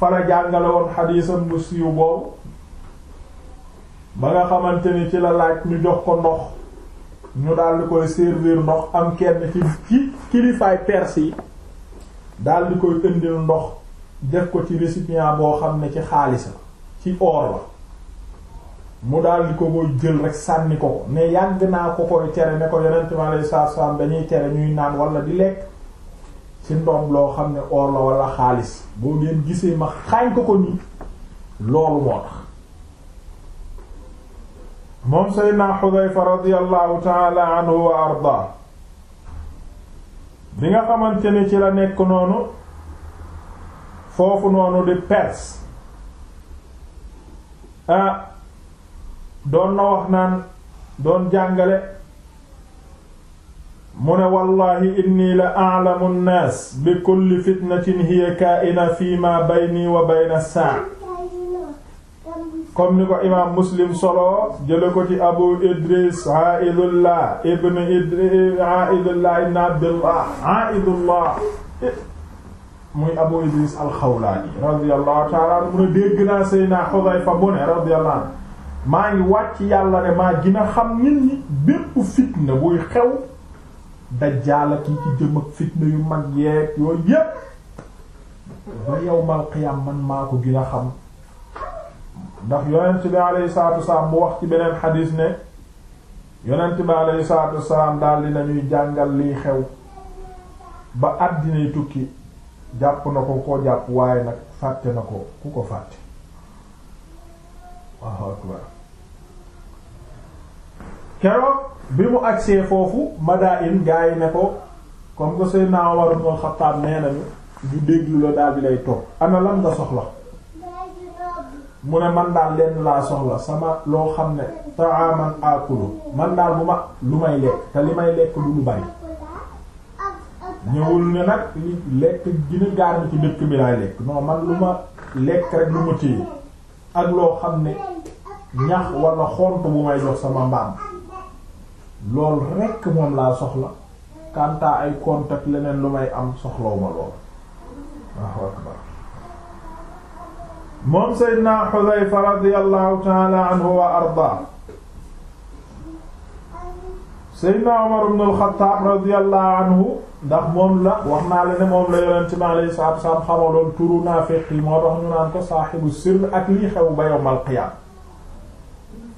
fala jàngale woon xadiisam bu siiw boobu ba nga xamante ni ci la laaj ñu jox ko ndox ñu daldi koy servir ndox am kenn ci ci kilifaay perse yi daldi koy indil ndox def ko ci récipient boo xam ne ci xaalis la ci or la mu di ko koy jël rek sànni ko ko ne yàgg naa ko koy cere ne ko yonent mi alayhi salaatu salaam dañuy tere ñuy naan wala di lekk ci ndoom loo xam ne or la wala xaalis boo ngeen gisee ma xaañ ko ko nii loolu moo tax moom seydna Xudayfa radiyallahu taala anhu wa arda bi nga xamante ne ci la nekk noonu foofu noonu di Perse ah doon na wax naan doon jàngale mu ne wallahi inni la a'lamu an-nas bi kulli fitnatin hiya kaa'ina fi ma bayni wa bayna as-saa' comme ni ko imaam muslim solo jële ko ci abu idris aidullah ibn idris aidullah ibn abdullah aidullah muy abu idris alxawlaani radiyallahu ta'ala anhu mu ne dégg naa sayna xudayfa mu ne radiyallahu anhu maa ngi wàcc yàlla ne maa gën a xam nit ñi bépp fitna buy xew dajjaal ak yi ci ak fitna yu mag yeeg yooyu yépp ba yawmal qiyaam man maa ko gën a xam ndax yonent bi alayhi salaatu wasalaam mu wax ci beneen xadiis ne yonent bi alayhi salaatu wasalaam daal di nañuy jàngal liy xew ba àddinay tukki jàpp na ko koo jàpp waaye nag fàtte na ko ku ko fàtte waaw akbar keroog bi mu agsee foofu Madain gaa yi ne ko comme que Seydina Umar ibn Xattaab nee nañu du déglu la daal di lay toog ana nga soxla mu ne man daal lenn laa soxla sama loo xam ne taaman akulu man daal bu ma lu may lekk te li may lekk du lu bari ñëwul ne nag li lekk gina gaar ni ci dëkk bi laay lekk non man lu ma lekk rek lu ma téye ak loo xam ne ñax wala xont bu may jox sama mbaam loolu rekk moom laa soxla kanta ay contact leneen lu may am soxlaw ma lool waaw akbar moom Seydina Xudayfa radiyallahu taala anhu wa ardaa Seydina Umar ibn al-Xattaab radiyallahu anhu ndax moom la wax naa la ne moom la yonent mi alayhi salaatu wa salaam xamaloon turu naafiq yi moo tax ñu naan ko saaxibu sirr ak lii xew ba yawmal qiyaama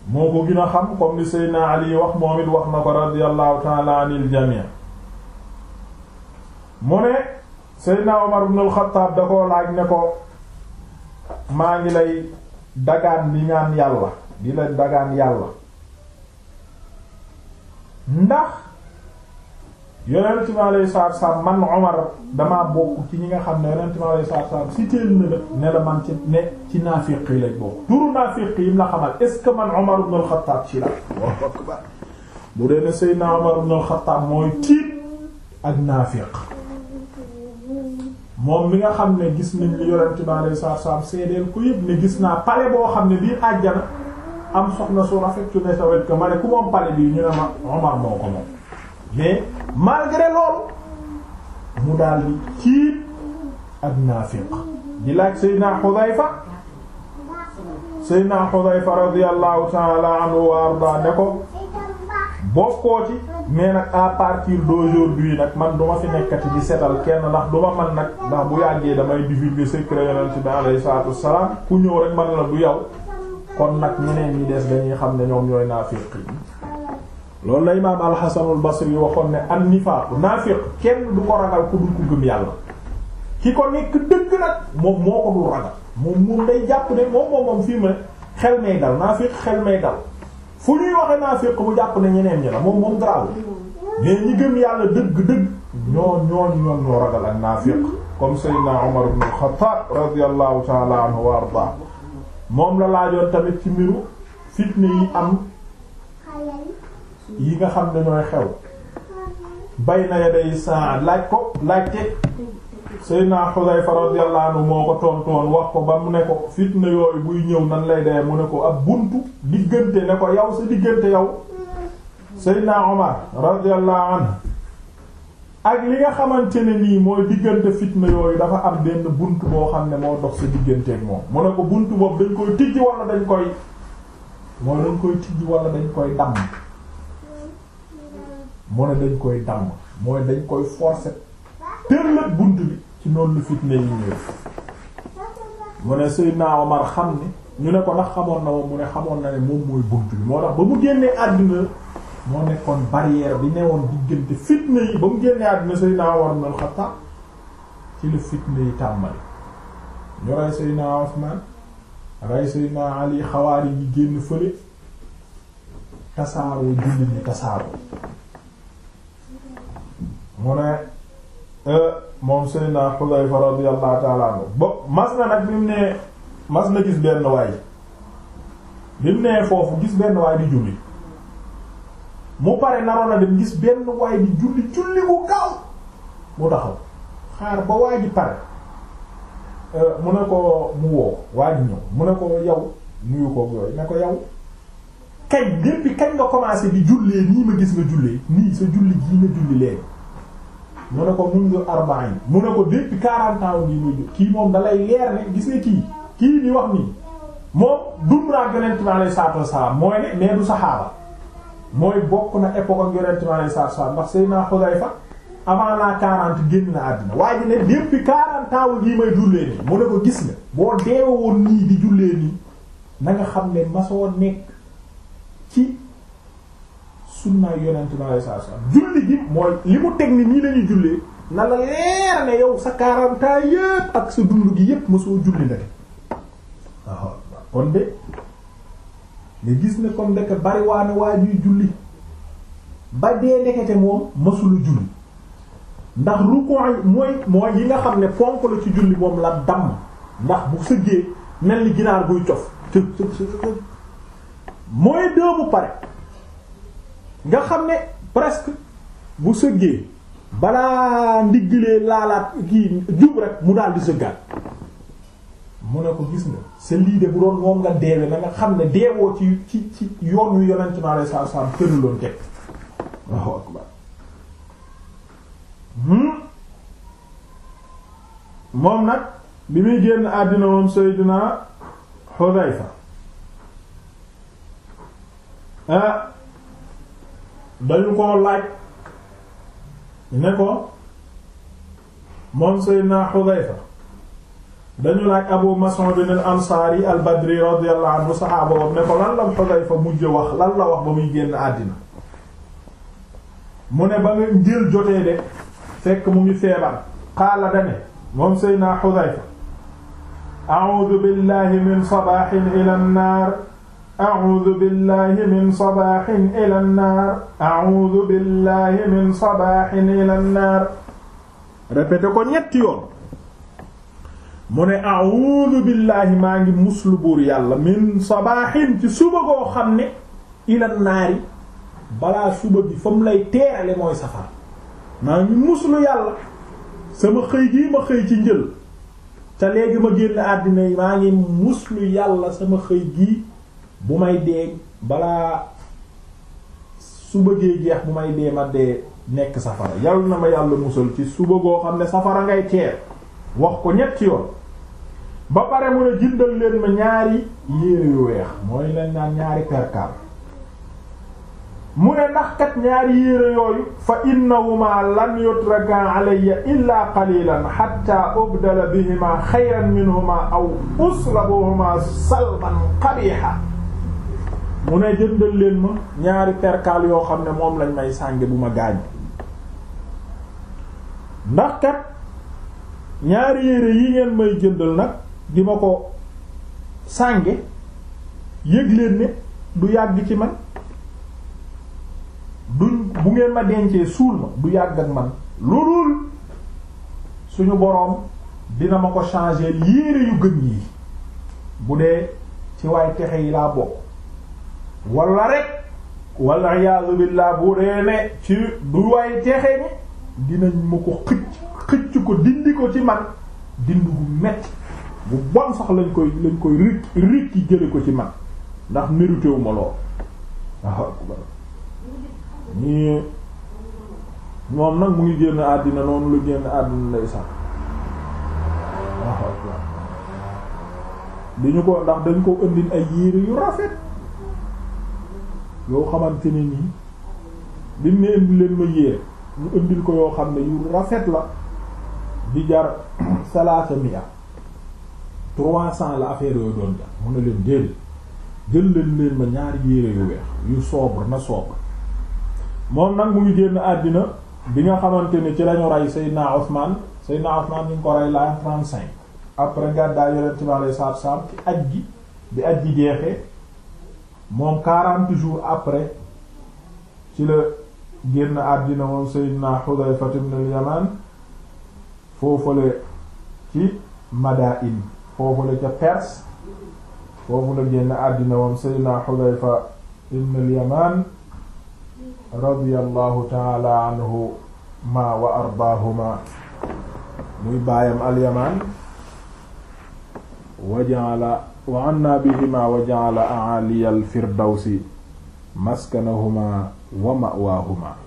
moo ko gën a xam comme li Seydina Ali wax moom it wax na ko radiyallahu ta'ala anil jami' mu ne Seydina Omar ibn al da koo laaj ne ko maa ngi lay dagaan di ñaan yàlla di la dagaan yàlla ndax yonent bi alayhi salaatu salaam man Omar damaa bokk ci ñi nga xam ne yonent bi alayhi salaatu salaam si téel na la ne la man ci ne ci naafiq lañ bokk turu naafiq yi mu la xamal est ce que man Omar ibn al-Khattab ci la Allahu akbar bu dee ne Seydina Omar ibn al-Khattab mooy tiit ak naafiq moom mi nga xam ne gis nañ li yonent bi alayhi salaatu salaam seedeel ko yëpp ne gis naa pale boo xam ne bii àjjana am soxna su rafet su ne wet ko ma ne ku moom pale bii mais malgré loolu mu daal di ciib ak naafiq di laaj Seydina Xudayfa Seydina Xudayfa radiyallahu ta'ala anhu wa arda ne ko bokkoo ci mais nag à partir d'aujourd'hui nag man duma fi nekkati di setal kenn ndax duma man nag ndax bu yàggee damay divulguer secret yonent bi alayhi salaatu wassalaam ku ñëw rek man la du yow kon nag ñeneen ñi des dañuy xam ne ñoom ñooy naafiq yi loolu la imaam alxasanul basri waxoon ne an nifaaqu naafiq kenn du ko ragal ku dul ku gëm yàlla ki ko nekk dëgg nag moom moo ko dul ragal moom moom day jàpp ne moom moom moom ne ñi gëm yàlla dëgg dëgg ñoo ñooñu ñoo ragal ak naafiq comme sayyidna Umar ibn al-Khattab radiyallahu anhu wa moom la laajoon tamit ci mbiru fitne yi am yi nga xam ne ñooy xew bay na yaday saa laaj ko laajte Seydina Xudayfa radiyallahu anhu moo ko tontoon wax ko ba mu ne ko fitna yooyu buy ñëw nan lay dee mu ne ko ab buntu diggante ne ko yow sa diggante yow Seydina Omar radiyallahu anhu ak li nga xamante ne nii mooy diggante fitna yooyu dafa am benn bunt boo xam ne moo dox sa digganteek moom mu ne ko buntu boobu dañ koy tijji wala dañ koy moo dañ koy tijji wala dañ koy damm mu ne dañ koy damm mooy dañ koy forcer tërlët bunt bi ci noonu lu fitne yi ñëw mu ne Seydina Omar xam ni ñu ne ko ndax xamoon na moom mu ne xamoon na ne moom mooy bunt bi moo tax ba mu génnee àddina moo nekkoon barrière bi newoon diggante fitne yi ba mu génnee àddina Seydina Omar ibn al-Khattab ci lu fitne yi tàmbali ñu rey Seydina Ousmane rey Seydina Ali xawaari yi génn fële tasaaroo jullit ñi tasaaroo mu ne eh, moom Seydina Xudayfa radiyallahu ta'ala anhu bopp mas na nag bi mu nee mas na gis benn waay bi foofu gis benn waay di julli mu pare naroon a dem gis benn waay di julli julli bu gaaw mu taxaw xaar ba waay di pare eh, mu ne ko mu woo waay ñëw mu ne ko yow nuyu ko yooyu ne ko yow kañ nga commencé di jullee nii ma gis nga jullee nii sa julli gii nga julli léegi mu ne ko mundu arba'in mu ne ko depuis quarante ans yi muy kii moom dalay leer ne gis nga kii kii ni wax nii moom dund naa ak yonent bi alayhi salaatu mooy ne mais du saxaaba mooy bokk na époque ak yonent bi alayhi salaatu wassalaam ndax Seydina Xudayfa avant la quarante génn na àddina waaye ji ne depuis quarante ans yi may jullee nii mu ne ko gis nga boo deewoon nii di jullee nii na xam ne masoo nekk sunnaay yonent bi sallallahu alayhi julli gi mooy li mu teg ni nii la ñuy jullee na la leer ne yow sa quaranta yépp ak sa dund gi yépp mosoo julli nag waaw kon de nga gis ne ndax rukkooy mooy mooy yi nga xam ne fonk la ci julli moom la damm ndax bu sëggee mel ni ginaar buy cof mooy dëbu pare nga xam ne presque bu sëggee balaa ndiggalee laalaat kii jub rek mu dal di sëggaat mu ne ko gis nga sa lii de bu doon moom nga deewe na nga xam ne deewoo ci ci ci yoon yu yonent mi alayhi salaatu salaam tënuloon teg hmm? moom nag bi muy génn àddina moom Seydina Xudayfa ah, dañu ko laaj ne ko moom Seydina Xudayfa dañu laaj Abu Mas'ud al-Ansaari al-Badri radiyallahu anhu saxaaba woon ne ko lan la Xudayfa mujj wax lan la wax ba muy génn àddina mu ne ba muy jotee de fekk mu ngi feebar qaala dane moom Seydina Xudayfa a'uudu billahi min sabaahin ila an-naar أعوذ بالله yoon mu ne a'uudu billahi maa buur yàlla min sabaaxin ci suba goo xam ne ilan naari balaa suba bi fa mu lay teerale mooy safar maa ngi muslu yàlla sama xëy gii ma xëy ci njël te léegi ma génn àddina yi maa ngi muslu yàlla sama xëy gii bu may dee balaa su bëggee jeex bu may dee ma dee nekk safara yàlla na ma yàlla musal ci suba goo xam ne safara ngay teer wax ko ñetti yoon ba pare mun a jindal leen ma ñaari yére yu weex mooy leen naan ñaari perkaal mu ne ndax kat ñaari yére yooyu fa innahuma lan yutraga alayya illa qalilan hatta ubdala bihima xayran minhuma aw uslabuhuma salban qabiha mu ne jëndal leen ma ñaari perkaal yoo xam ne moom lañ may sànge bu ma gaañ ndax kat ñaari yére yi ngeen may jëndal nag di ma ko sànge yëg leen ne du yàgg ci man duñ bu ngeen ma dencee suul ma du yàgg ak man lu dul suñu boroom dina ma ko changer yére yu gën yi bu dee ci waay texe yi laa bokk wala rek wala iyaazu billaah bu dee ne ci du waay teexee ni dinañ ma ko xëcc xëcc ko dindi ko ci man dindi bu metti bu bon sax lañ koy lañ koy rik rik jële ko ci man ndax méritéwu ma lool waaw moom nag mu ngi génn àddina noonu la génn àddina lay sax waaw ñu ko ndax dañ ko indil ay yére yu rafet yoo xamante ne nii lim ne indi leen ma yéere ñu indil ko yoo xam ne yu rafet la di jar salaasa mia trois cents la affaire yooyu doon jar mun na leen déedéet jël leen leen ma ñaari yéere yu weex yu sobre na sobre moom nag mu ngi génn àddina bi nga xamante ni ci lañu rey Seydina Ousmane Seydina Ousmane ñu ngi ko rey la 35 après gàddaay Yonent bi alayhi salaatu salaam ci aj gi bi aj gi jeexee moom quarante après ci la génn àddina moom Seydina Xudayfa ibn al-Yaman foofale ci Madain foofale ca Perse foofu la génn àddina moom Seydina Xudayfa ibn al-Yaman radiyallahu taala ma wa ardaahuma muy baayam al wa ja'ala wa anna bihima wa ja'ala a'aliya al-firdawsi maskanahuma wa ma'waahuma